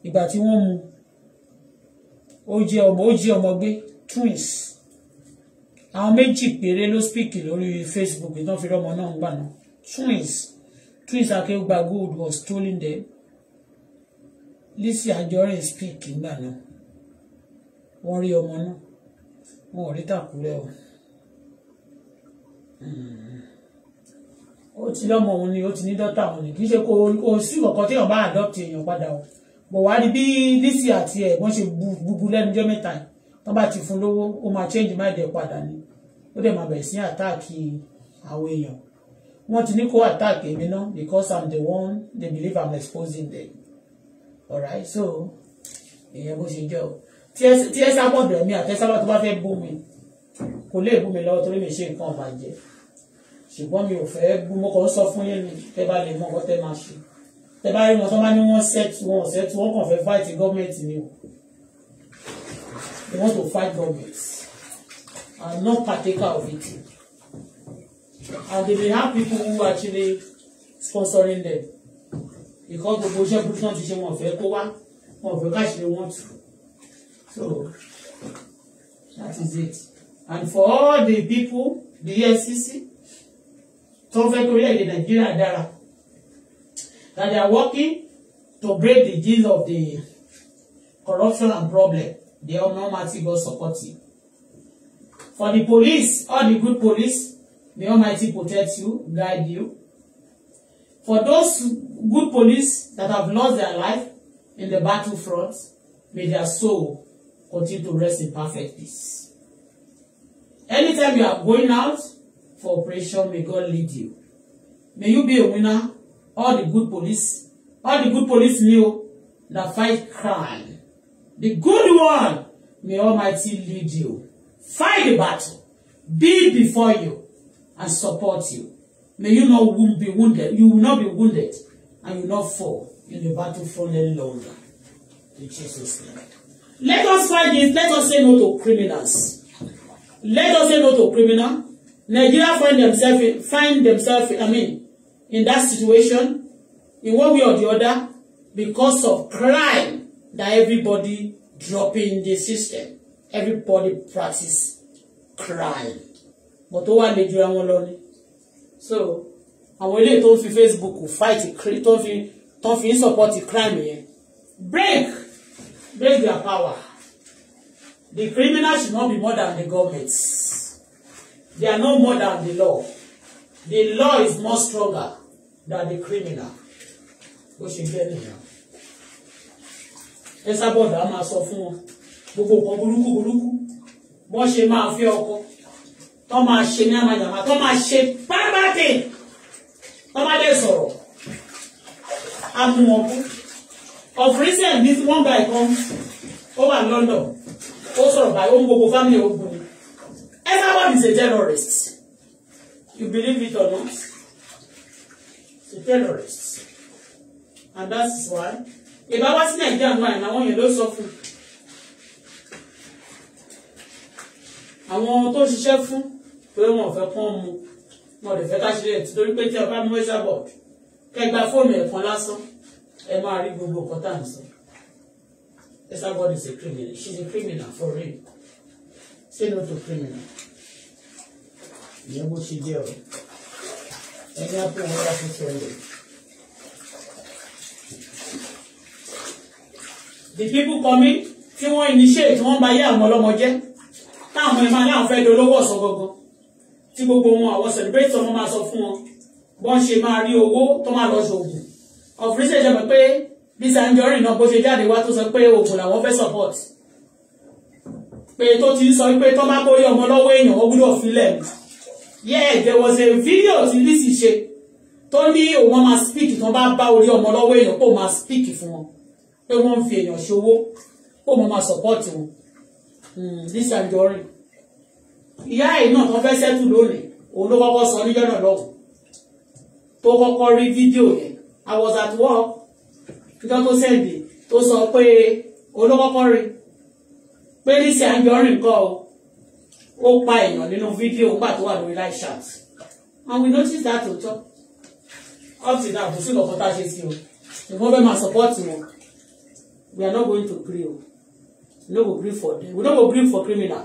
ìgbà tí wọ́n mu ó jẹ́ ọmọ ó jẹ́ ọmọ gbé twins. Àwọn méjì péré ló speak lórí Facebook yìí tán fi rọ́mọ náà ń gbà náà. Twins twins Akeugbagold was stolen them Lizzy Anjorin ń speak ńgbà náà wọ́n rí ọmọ náà wọn ò rí tàkúrẹ́ o ó ti lọ́mọ òun ni ó ti ní dọ́tà òun ni kì í ṣe kó o sí kọ̀ọ̀kan téèyàn bá adopt èèyàn padà o bọ̀ wá rí bí Lizzy àti ẹ̀ wọ́n ṣe gbogbo lẹ́nujọ́ mẹ́ta tó bá ti fún lówó ó máa change mind ẹ̀ padà ni ó dẹ̀ máa bẹ̀rẹ̀ sí àtáàkì àwọn èèyàn wọ́n ti ní kó àtáàkì èmi náà because I'm the one they believe I'm exposing them alright so ìyẹn bó ṣe jẹ́ o tí ẹ sábọ̀ bẹ̀rẹ̀ mi àti ẹ sábọ̀ tó bá fẹ́ bú mi kò lè bú mi lọ́wọ́ torí mi ṣe nǹkan ọ̀bàjẹ́ ṣùgbọ́n mi ò fẹ́ bú mo kàn ń sọ fún yín ni tẹ́ bá lè mọ ọkọ tẹ́ máa ṣe tẹ́ bá rí wọn tó bá ní wọ́n ṣẹ́tù wọn ṣẹ́tù wọn kàn fẹ́ fight government ni o they want to fight government and not partaker of it and they may have people who actually sponsoring them ìkọ́ gbogbo iṣẹ́ burúkú náà ti ṣe wọn ọ̀fẹ́ kó wá wọn ọ̀fẹ́ káṣílẹ̀ wọn tù so that is it and for all the people the EFCC tó fẹ́ torí èdè Nàìjíríà dára that they are working to break the gist of the corruption and problem they all Almighty God support you for the police all the good police may Almighty protect you guide you for those good police that have lost their life in the battlefront, may their soul continue to rest in perfect peace. Anytime you are going out for operation, may God lead you. May you be a winner. All the good police, all the good police knew that fight crime. The good one, may Almighty lead you. Fight the battle. Be before you and support you. May you not be wounded. You will not be wounded and will not fall in the battlefront any longer. In Jesus' name. Let us fight this. Let us say no to criminals. Let us say no to criminal. Nigeria find themselves find themselves, I mean, in that situation, in one way or the other, because of crime that everybody dropping the system. Everybody practice crime. But ó wà lè jura wọn So àwọn eléyìí tó ń fi Facebook fight tó ń fi tó ń fi support crime yẹn break break their power the criminal should not be more than the government they are no more than the law the law is more stronger than the criminal bó ṣe jẹ́ nìyẹn ẹ sábọ̀dọ̀ á máa sọ fún wọn gbogbo nǹkan burúkú burúkú bọ́n ṣe máa fẹ́ ọkọ tó máa ṣe ní àmàjàmá tó máa ṣe pápátẹ̀ bàbá dẹ̀ sọ̀rọ̀ amúmọ̀kú of recent ní wọ́n gba ìkan ó wà London ó sọ̀rọ̀ báyìí ó ń gbogbo family ogun everyone is a terrorist you believe it or not a terrorist and that's why ìbá wá sí Nàìjíríà náà àwọn yẹn ló sọ fún àwọn tó ṣiṣẹ́ fún pé wọn ò fẹ́ kán mu wọn lè fẹ́ ká ṣe ẹ̀ torí pé tí a bá mú ẹ́ṣà bọ̀ kẹgbà fóònù ẹ̀kan lásán ẹ máa rí gbogbo nǹkan tá à ń sọ ẹ́ṣà bọ̀ is a criminal she is a criminal for real say no to criminal ìyẹn bó ṣe jẹ́ o ẹni á wọn láti sọ ẹ̀. the people coming tí wọ́n initiate wọ́n bá yé àwọn ọlọ́mọ jẹ́ táwọn ẹ̀ máa ní àwọn fẹ́ dolówó ọ̀sán gangan tí gbogbo wọn àwọn celebrate ọmọ máa sọ fún wọn bọ́n ṣe máa rí owó tó máa lọ ṣògùn ọ̀fíìsì ṣe mọ̀ pé bí Sanjorin náà bó ṣe jáde wá tó sọ pé oògùn làwọn fẹ́ support pé tó ti sọ pé tó bá borí ọmọ lọ́wọ́ èèyàn ó gbúdọ̀ filẹ̀ yeah there was a video tí Lizzy ṣe tó ní òun máa speak tó bá bá orí ọmọ lọ́wọ́ èèyàn kó máa speak fún wọn pé wọ́n ń fi èèyàn ṣòwò kó wọ́n máa support wọn hmm, Lizzy Anjorin ìyá ẹ̀ náà tó fẹ́ sẹ́tù lónìí òun ló kọ́kọ́ sọ níjọ́ náà lọ́wọ́ tó kọ́kọ́ rí fídíò yẹn I was at work níjọ́ tó sẹ́ǹdì tó sọ pé òun ló kọ́kọ́ rí pé Lizzy Anjorin kọ́ ó pa èèyàn nínú fídíò nígbà tó wà lórí live chat and we notice that òótọ́ up till now kò sí lọ́kọ́ tá a ṣe sí o ìwọ́n fẹ́ máa support wọn we are not going to gree o we no go gree for them we no go gree for criminal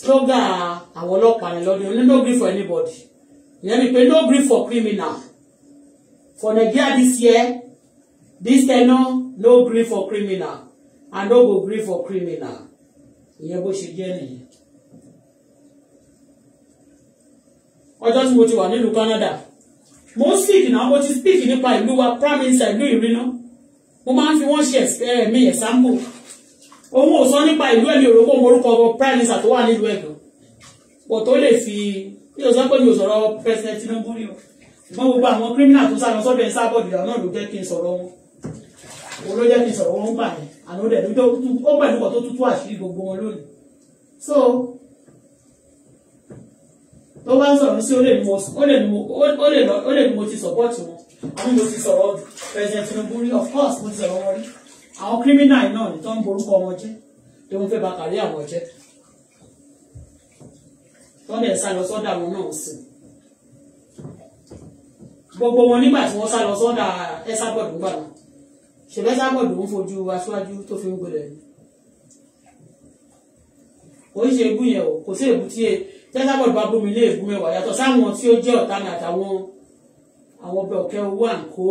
slogan àwọn ọlọ́pàá yẹn lọ́dún ní no gree for anybody ìyẹn ni pé no gree for criminal for Nigeria this year this tenure no gree for criminal and no go gree for criminal ìyẹn bó ṣe jẹ́ nìyẹn. ọjọ́ tí mo ti wà nílùú Canada mo ń speak náà mo ti speak nípa ìlú wa prime minister ìlú ìrìnà mo máa ń fi wọ́n ṣe ẹ̀mí eh, example òun ò sọ nípa ìlú ẹ̀mí òrókò morúkọ ọmọ prime minister tó wà nílùú ẹ̀kọ́ pọ̀ tó lè fi bí o sọ pé mi ò sọ̀rọ̀ president Tinubu ni o ṣùgbọ́n gbogbo àwọn criminal tó sáré sọ́dọ̀ ẹ̀ sábọ̀dù ìyá náà ló jẹ́ kí n sọ̀rọ̀ wọn òun ló jẹ́ kí n sọ̀rọ̀ wọn gbà yẹn àná ó pẹ̀lú pọ̀ tó tútú àṣírí gbogbo wọn lónìí so tó bá ń sọ̀rọ̀ sí ó lè ní mo ti support wọn àmì mo ti sọ̀rọ̀ president Tinubu rí of course mo ti sọ̀rọ̀ àwọn kírímínà náà tó ń borúkọ wọn jẹ́ tó ń fẹ́ ba kàrí àwọn jẹ́ tó ń dẹ̀ sá lọ sọ́dọ̀ àwọn náà sí gbogbo wọn nígbà tí wọ́n sá lọ sọ́dọ̀ ẹ́sàgbọ̀dù gbà náà ṣèbẹ́ sábọ̀dù ń fojú aṣáájú tó fi ń gbélé kò ń ṣe egún yẹn o kò sí èbú tí e tẹ́sàbọ̀dù bá bómi lé èbú mẹ́wàá yàtọ̀ sáwọn tí ó jẹ́ ọ̀tá mi àtàwọn àwọn ọbẹ̀ ọ̀kẹ́ owó ń kó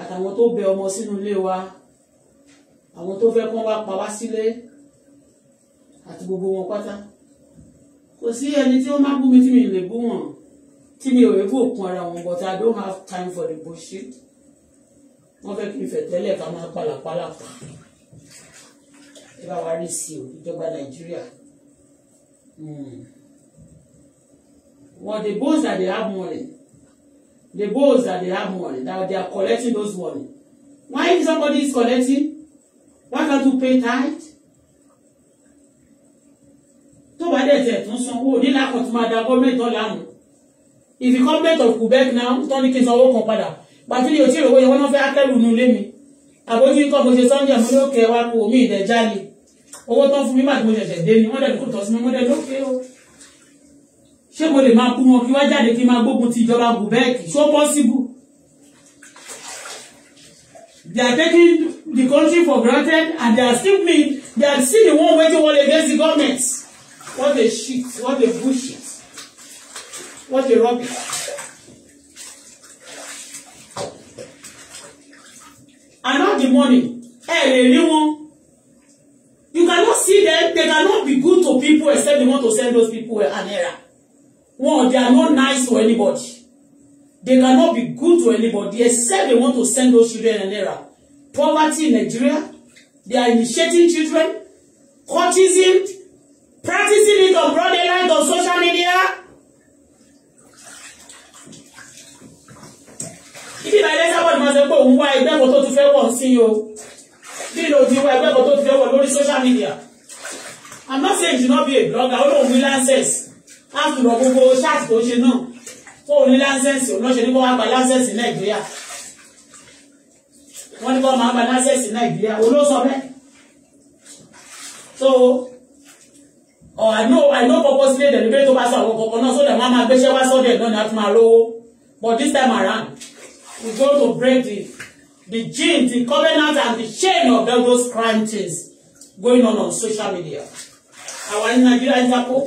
àtàwọn tó bẹ ọmọ sínú ilé wa àwọn tó fẹ́ kán wá pa wá sílé àti gbogbo wọn pátá kò sí ẹni tí ó máa bú mi tí mi lè bú wọn tí mi ò rí bò ara wọn but I don't have time for the bullshit wọ́n fẹ́ kí n fẹ̀tẹ́lẹ̀ ká máa pàlàpàlà pa ẹ bá wa rí sí o ìjọba Nàìjíríà. Mm. Well, the boss that they have money the goals that they have money that they are collecting those money why if somebody is collecting why can't you pay tithe tó bá dẹ̀ tẹ̀ tún sanwó nílà kan tó máa da gọ́ọ̀mẹ̀ntì náà if the government of Quebec now tó ní kí n sanwó kan padà gbàtí ni òtí ìròwó yẹn wọ́n náà fẹ́ akẹ́rù nu lé mi àbójú ikọ̀ mo ṣe sunday mo ló kẹ́ wa kó omi ìdẹ́jálè owó tó ń fún mi màgbó ṣẹ̀ṣẹ̀ dé ni wọ́n dẹ̀ kó tọ́ sí mi wọ́n dẹ̀ lókè o ṣé mo lè máa kú wọn kí wá jáde kí n máa gbógun ti ìjọba bùbẹ́ẹ̀kì ṣó possible they are taking the country for granted and they are still mean they are still the one waiting one against the government what a shit what a bullshit what a rubbish. and all the money ẹ lè rí wọn you cannot see them they cannot be good to people except they want to send those people an error. One, they are not nice to anybody. They cannot be good to anybody except they want to send those children an error. Poverty in Nigeria, they are initiating children, courtism, practicing it on broader daylight on social media. If oh, you ilé sábà máa ṣe pé òun wá ẹgbẹ́ kan tó ti fẹ́ wọ̀ sí o. Nínú òdi wá ẹgbẹ́ kan tó ti fẹ́ wọ̀ lórí social media. I'm not saying you should not be a blogger, ó lóun ní lancers á fi rọ gbogbo ṣáàtì tó ṣe náà kó o ní láńsẹ̀sì ọlọ́ṣẹ́ ní kó wá gba láńsẹ̀sì nàìjíríà wọ́n ní kó máa gba láńsẹ̀sì nàìjíríà olóòsọ bẹ́ẹ̀ so ọ̀ àìní àìní kọ́kọ́ sílé dẹ̀lẹ́bẹ̀rẹ̀ tó bá sọ àwọn kọ̀ọ̀kan náà sódà wọ́n á máa gbéṣẹ́ wá sọ́dẹ̀ náà ni a tún máa lówó but this time around we go to break the the gene, the covenant, and the chain of all those crime things going on on social media. Our Nigerian Interpol,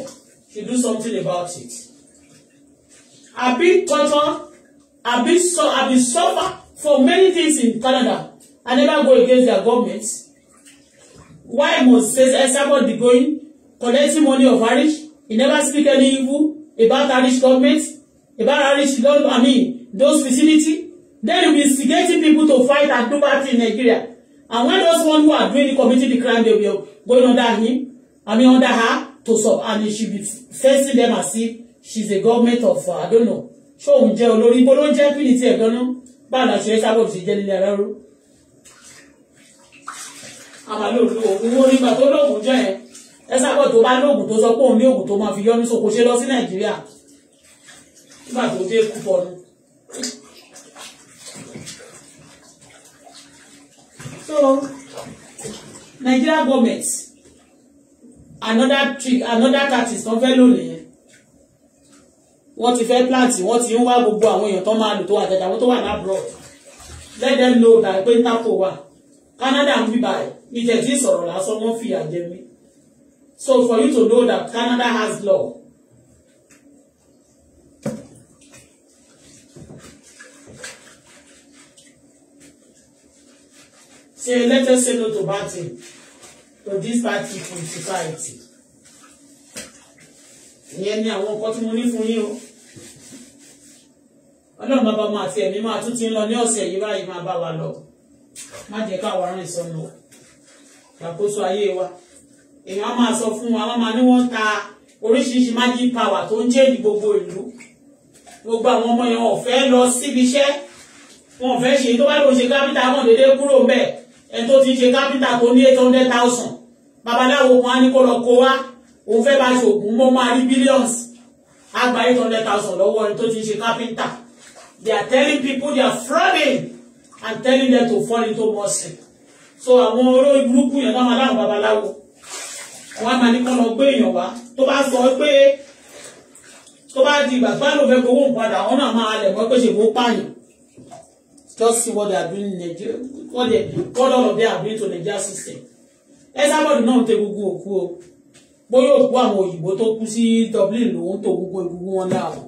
to do something about it. I've been tortured. I've been so I've been suffer for many things in Canada. I never go against their government. Why must say somebody going collecting money of Irish? He never speak any evil about Irish government, about Irish government, I mean those facility. Then you be instigating people to fight and do bad in Nigeria. And when those one who are doing the committing the crime, they will go under him. I mean under her to sub and she be facing them as if she's a government of uh, I don't know ṣé òun jẹ́ olórí ibo ló ń jẹ́ pínlẹ̀ tí ẹ̀ gan-an la ṣe sábà ṣe jẹ́ nílé ara ró àmàlò òun owó nígbà tó lóògùn jẹ́ ẹ̀ ẹ sábà tó bá lóògùn tó sọ pé òun ní òògùn tó máa fi yọ ní soko ṣe lọ sí Nàìjíríà nígbà tó dé kúpọ̀nù. So Nigeria government another trick another tactics tó fẹ́ lò nìyẹn wọ́n ti fẹ́ plant wọ́n ti ń wá gbogbo àwọn èèyàn tó máa lò tó wà tẹ̀tẹ̀ àwọn tó wà ní let them know that pé tapo wà Canada ń bí báyìí mi tẹ̀ tí sọ̀rọ̀ lásán wọ́n fìyà jẹ mí so for you to know that Canada has law say let us say no to bad thing to dispatch you from society ìyẹn ni àwọn nǹkan tí mo ní fún yín o ọlọ́run bàbá ọmọ àti ẹ̀mí máa tún ti ń lọ ní ọ̀sẹ̀ yìí báyìí máa bá wa lọ má jẹ́ káwa rìn sọnù ṣàkóso ayé wa èèyàn á máa sọ fún wa wọ́n máa ní wọ́n ta oríṣiríṣi magic power tó ń jẹ́ ní gbogbo ìlú gbogbo àwọn ọmọ yẹn ò fẹ́ lọ síbi iṣẹ́ wọn ò fẹ́ ṣe tó bá lóun ṣe káfíńtà mọ̀ déédéé kúrò bẹ́ẹ̀ ẹ tó ti ṣe kápítà tó ní eight hundred thousand babaláwo kan á ní kó lọ kó wá òun fẹ́ bá ṣògùn mọ́ máa rí billions á gba eight hundred thousand lọ́wọ́ ẹni tó ti ṣe kápítà they are telling people they are frauding and telling them to fall into mercy so àwọn oró burúkú yẹn náà máa láwọn babaláwo wọn á máa ní kó lọ gbé èèyàn wá tó bá sọ pé tó bá di ìgbà tó bá fẹ́ gbowó nǹkan padà wọn máa lẹ̀ mọ́ pé ṣègbó pààyàn. Just see what they are doing in Nigeria, what, they, what all of them are doing to Nigeria system. Ẹ sábọ̀dù náà ń tẹ gbogbo but o. Bóyá òkú àwọn òyìnbó tó kú sí Dublin ló ń tò gbogbo egungun wọn láàbò.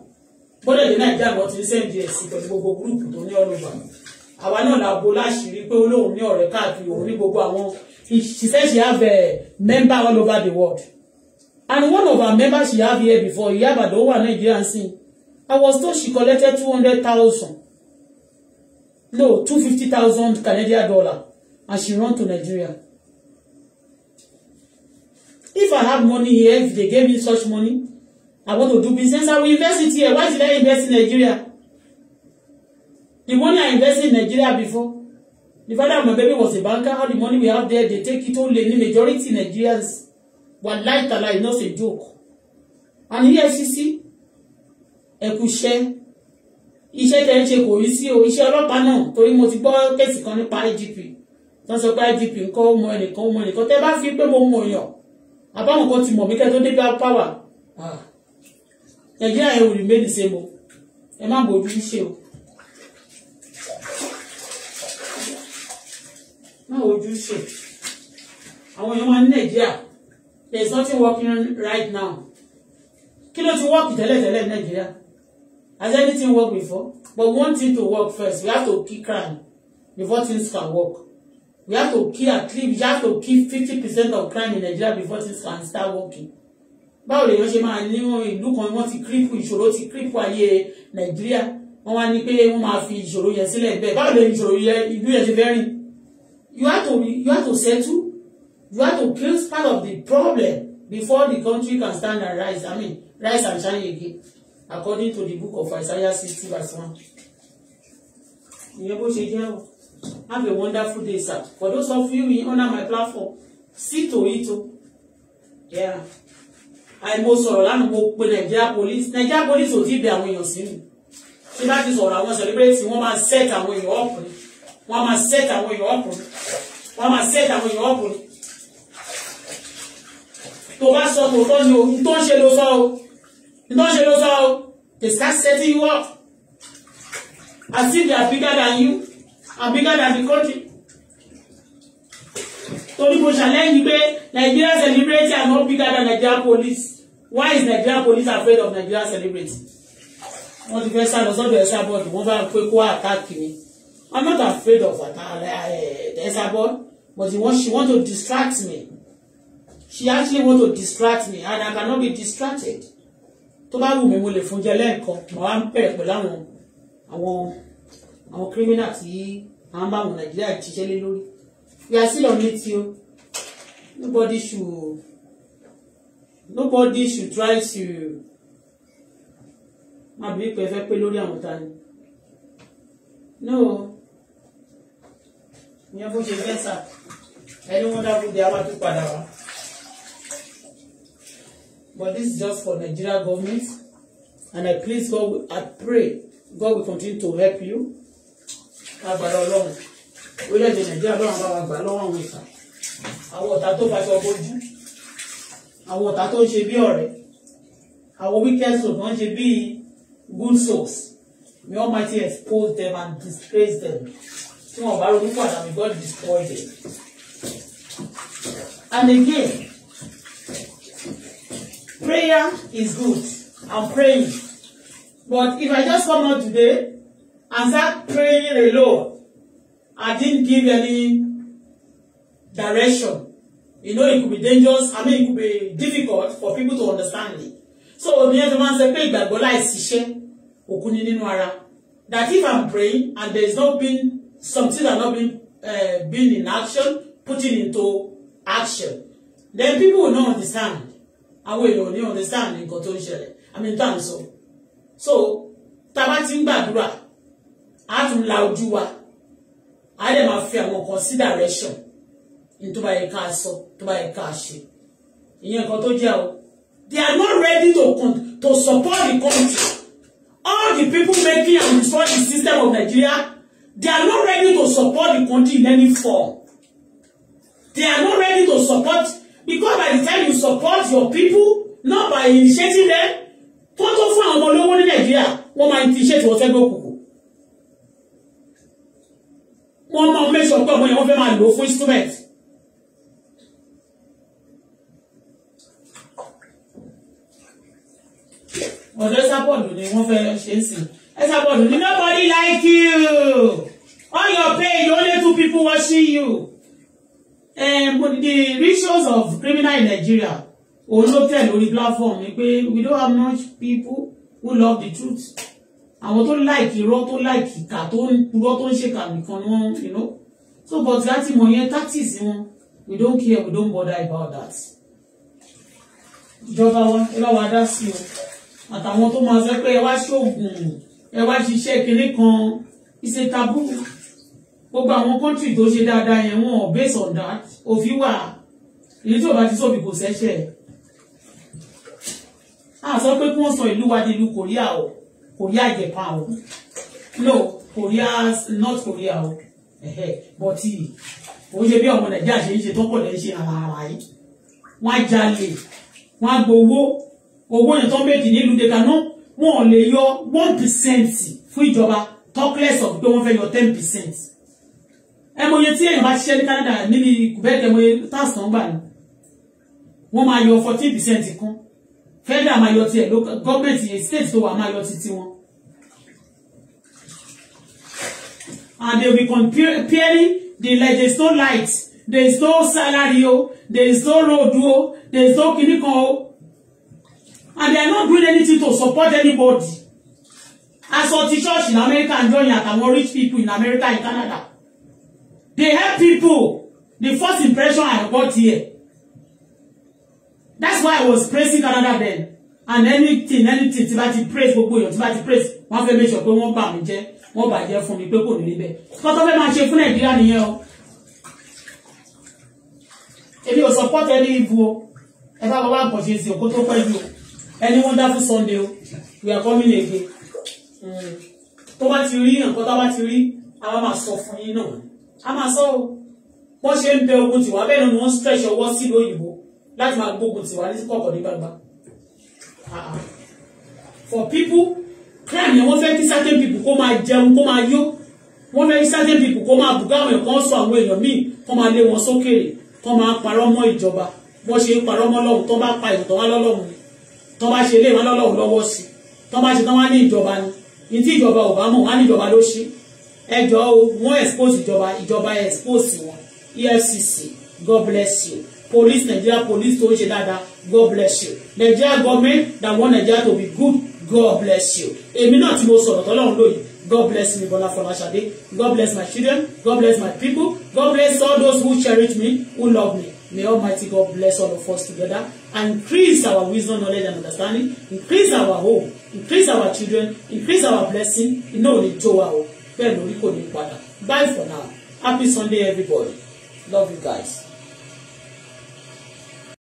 Bóyá èdè Nàìjíríà lọ ti ń sẹ́ǹdì ẹ̀ sí pẹ̀lú gbogbo gúrùpù tó ní ọ̀rọ̀ gbà. Àwa náà la bo láṣìírí pé olóhùn ní ọ̀rẹ́ káàkiri òun ní gbogbo àwọn. She said she have a eh, member all over the world. And one of our members she have here before, Iyaba ló wà Nàìjíríà sí. I was told she collected two hundred thousand no two fifty thousand Canadian dollar and she run to Nigeria if I have money here if they gave me such money I want to do business I will invest it here why did I invest in Nigeria the money I invested in Nigeria before the father of my baby was a banker all the money we have there they take it only the majority Nigerians wallahi talai not a joke and here see ẹ kú iṣẹ́ iṣẹ́ tẹ́ ń ṣe kò rí sí o iṣẹ́ ọlọ́pàá náà torí mo ti gbọ́ kẹ̀sì kan nípa IGP tó ń sọ pé IGP nǹkan ó mọ ẹnìkan ó mọ ẹnìkan tẹ́ bá fi pé mo mọ èèyàn àbáwọn kan ti mọ̀ mí kẹ́ tó dé bá pàwà nàìjíríà yẹn méjì ṣe mo ẹ má bójú ṣe o má bójú ṣe àwọn èèyàn máa ní nàìjíríà there is nothing working right now kí ló ti wọ́ọ̀kì tẹ́lẹ̀ tẹ́lẹ̀ nàìjíríà. Has anything worked before? But one thing to work first, we have to kill crime before things can work. We have to kill at least, we have to kill fifty percent of crime in Nigeria before things can start working. Báwo lè yàn ṣe máa ní ìlú kan wọ́n ti kírípù ìṣòro ti kírípù ayé Nàìjíríà wọ́n wá ní pé wọ́n máa fi ìṣòro yẹn sílẹ̀ bẹ́ẹ̀ báwo lè ìṣòro yẹn ìlú yẹn ṣe fẹ́ You have to you have to settle you have to kill part of the problem before the country can stand and rise I mean rise and shine again according to the book of Isaiah sixty verse one ìyẹn ṣe jẹ́ o have a wonderful day sir for those of you in honour my platform see to it o yeah àìmọ̀ sọ̀rọ̀ lánàá mo pe Nigeria police Nigeria police ò ti bẹ àwọn èèyàn sínú tí bá ti sọ̀rọ̀ àwọn celebrate wọ́n máa set àwọn èèyàn ọkùnrin wọ́n máa set àwọn èèyàn ọkùnrin wọ́n máa set àwọn èèyàn ọkùnrin tó bá sọ tòótọ́ ni ohun tó ń ṣe ló sọ o. Because you know how they start setting you up. As if they are bigger than you and bigger than the country. Torí mo ṣàlẹ́yìn pé Nigeria celebrity are not bigger than Nigeria police. Why is Nigeria police afraid of Nigeria celebrity? Wọ́n ti fẹ́ sá lọ sọ́dọ̀ ẹ̀sà bọ́ọ̀dù wọ́n bá ń pé kó àtàkì mi. I'm not afraid of ẹ̀sà eh, bọ́ọ̀dù but want, she want to distract me. She actually want to distract me and I cannot be distracted tó bá wù mí mo lè fún jẹ lẹ́ẹ̀kan mà wá ń bẹ̀rẹ̀ pẹ̀lú àwọn àwọn àwọn kírímínà tí àwọn bá wọn nàìjíríà ṣiṣẹ́ lé lórí yà sí lọ létí o nobody should nobody should try to má bí pé fẹ́ pé lórí àwọn ta ni no ìyẹn bó ṣe fẹ́ sà ẹni wọn dákú di abátú padà wá. But this is just for Nigeria government. And I please God, I pray God will continue to help you. Agbára Ọlọ́run. Orílẹ̀-èdè Nàìjíríà lọ́run bá wa gbà lọ́wọ́ àwọn ìta. Àwọn ọ̀tá tó faṣọ bojú. Àwọn ọ̀tá tó ń ṣe bí ọ̀rẹ́. Àwọn wicked souls wọ́n ṣe bí good souls. May Almighty expose them and disgrace them. Tí wọ́n bá ronú pàdánù, got destroyed them. And again, prayer is good i'm praying but if i just come out today and start praying alone i didn't give any direction you know it could be dangerous i mean it could be difficult for people to understand it so omi ẹ fi máa ń sẹ pé ìgbàgbọ́ láìsí iṣẹ́ òkú ni nínú ara that if i'm praying and there is not been something that not been uh, been in action putting into action then people will not understand àwọn èèyàn ní understand nǹkan tó ń ṣẹlẹ̀ àmì tá à ń sọ so tá a bá ti ń gbàdúrà á tún la ojú wa á dẹ̀ máa fi àwọn kan sí direction ní tó bá yẹ ká sọ tó bá yẹ ká ṣe ìyẹn nǹkan tó jẹ́ o they are not ready to to support the country all the people making and destroying the system of Nigeria they are not ready to support the country in any form they are not ready to support because by the time you support your people not by initiating them tó tó fún àwọn ọmọ olówó ní nàìjíríà wọ́n máa ti ṣètò ọ̀sẹ̀ gbé òkùnkùn wọ́n máa make sure pé ọmọ yẹn wọ́n fẹ́ máa lò ó fún instrument. ọ̀dọ́ sábọ̀dù ni wọ́n fẹ́ ṣe é sìn ẹ sábọ̀dù ni nobody like you all your pain you only two people watching you um, the ratios of criminal in Nigeria òun ló tẹ̀ lórí platform ni pé we don't have much people who love the truth àwọn tó like irọ́ tó like ìkà tó ń purọ́ tó ń ṣèkà nìkan ni wọ́n you know so but láti mọ̀ yẹn tactics wọn we don't care we don't bother about that ìjọba wa ẹ bá wa dá sí o àtàwọn tó máa sọ pé ẹ wá ṣoògùn ẹ wá ṣiṣẹ́ kinní kan ìṣe taboo gbogbo àwọn country tó ṣe dáadáa yẹn wọn based on that òfin wà èyí tí ò bá ti sóbì kò ṣẹ̀ṣẹ̀ a sọ pé kí wọ́n sọ ìlú wa ìlú Korea o Korea Japan o no Korea North Korea o bọ́tì kò ṣe bí ọmọ Nàìjíríà ṣe ń ṣe tó pọ̀ lẹ́ ṣe ara ara yìí wọ́n á jalè wọ́n á gbowó owó yẹn tó ń bèjì nílùú dekaná wọn ò lè yọ one percent fún ìjọba talk less of pé wọ́n fẹ́ yọ ten percent ẹ mọ iye tí èèyàn bá ṣiṣẹ́ ní Canada níbi Quebec ẹ mọ tax tán gbà ní wọ́n máa yọ fourteen percent kún federal máa yọ tiẹ̀ gọ́ọ̀mẹ̀ntì state tó wà máa yọ títí wọn. and they will be comparing the like they is no light there is no salary o there is no road o there is no kini kan o and they are not doing anything to support anybody aṣọ ti ṣọ́ọ̀ṣì in America and ń jọyìn àtàwọn rich people in America and Canada They help people. The first impression I got here. That's why I was praising Canada then. And anything, anything, tí bá praise gbogbo èèyàn, tí bá praise, One fẹ́ make sure pé wọ́n bà mí jẹ́, wọ́n bàjẹ́ fún mi pé kò ní níbẹ̀. Kọ́tọ́ fẹ́ máa ṣe fún Nàìjíríà o. Èmi support any ibu o. Ẹ bá bọ́ bá nǹkan ṣe sí òkú tó Any wonderful Sunday o. We are coming again. Hmm. Tó bá ti rí nǹkan tó bá ti rí, a bá máa sọ a máa sọ bọ́n ṣe ń bẹ ogun tiwa bẹ́ẹ̀ ni wọ́n stretch ọwọ́ sílùú òyìnbó láti máa gbógun tiwa ní kọ̀ọ̀kan ní gbangba for people crime yẹn wọ́n fẹ́ kí certain people kó máa jẹun kó máa yó wọ́n fẹ́ kí certain people kó máa bùkún àwọn èèyàn kan sọ àwọn èèyàn míì kó máa lé wọn sókèrè kó máa parọ́ mọ́ ìjọba wọ́n ṣe ń parọ́ mọ́ lọ́hùn tó bá pa ìtàn wá lọ́lọ́hùn ni tó bá ṣe lé wọn lọ́lọ́hùn lọ́wọ́ sí tó bá ṣe tán wá ní ìjọba ni ní tí ìjọba ò bá mọ̀ wá ní ìjọba ló ṣe ẹjọ́ wọ́n expose ìjọba ìjọba expose wọn EFCC God bless you police Nigeria police tó ń ṣe dáadáa God bless you Nigeria government that want Nigeria to be good God bless you èmi náà tí mo sọ̀rọ̀ tọ́lọ́run lóyìn God bless me Bola Folashade God bless my children God bless my people God bless all those who cherish me who love me May Almighty God bless all of us together and increase our wisdom, knowledge, and understanding. Increase our hope. Increase our children. Increase our blessing. Iná ò ní tó wa bẹ́ẹ̀ lórí kò ní padà bye for now happy sunday everybody love you guys.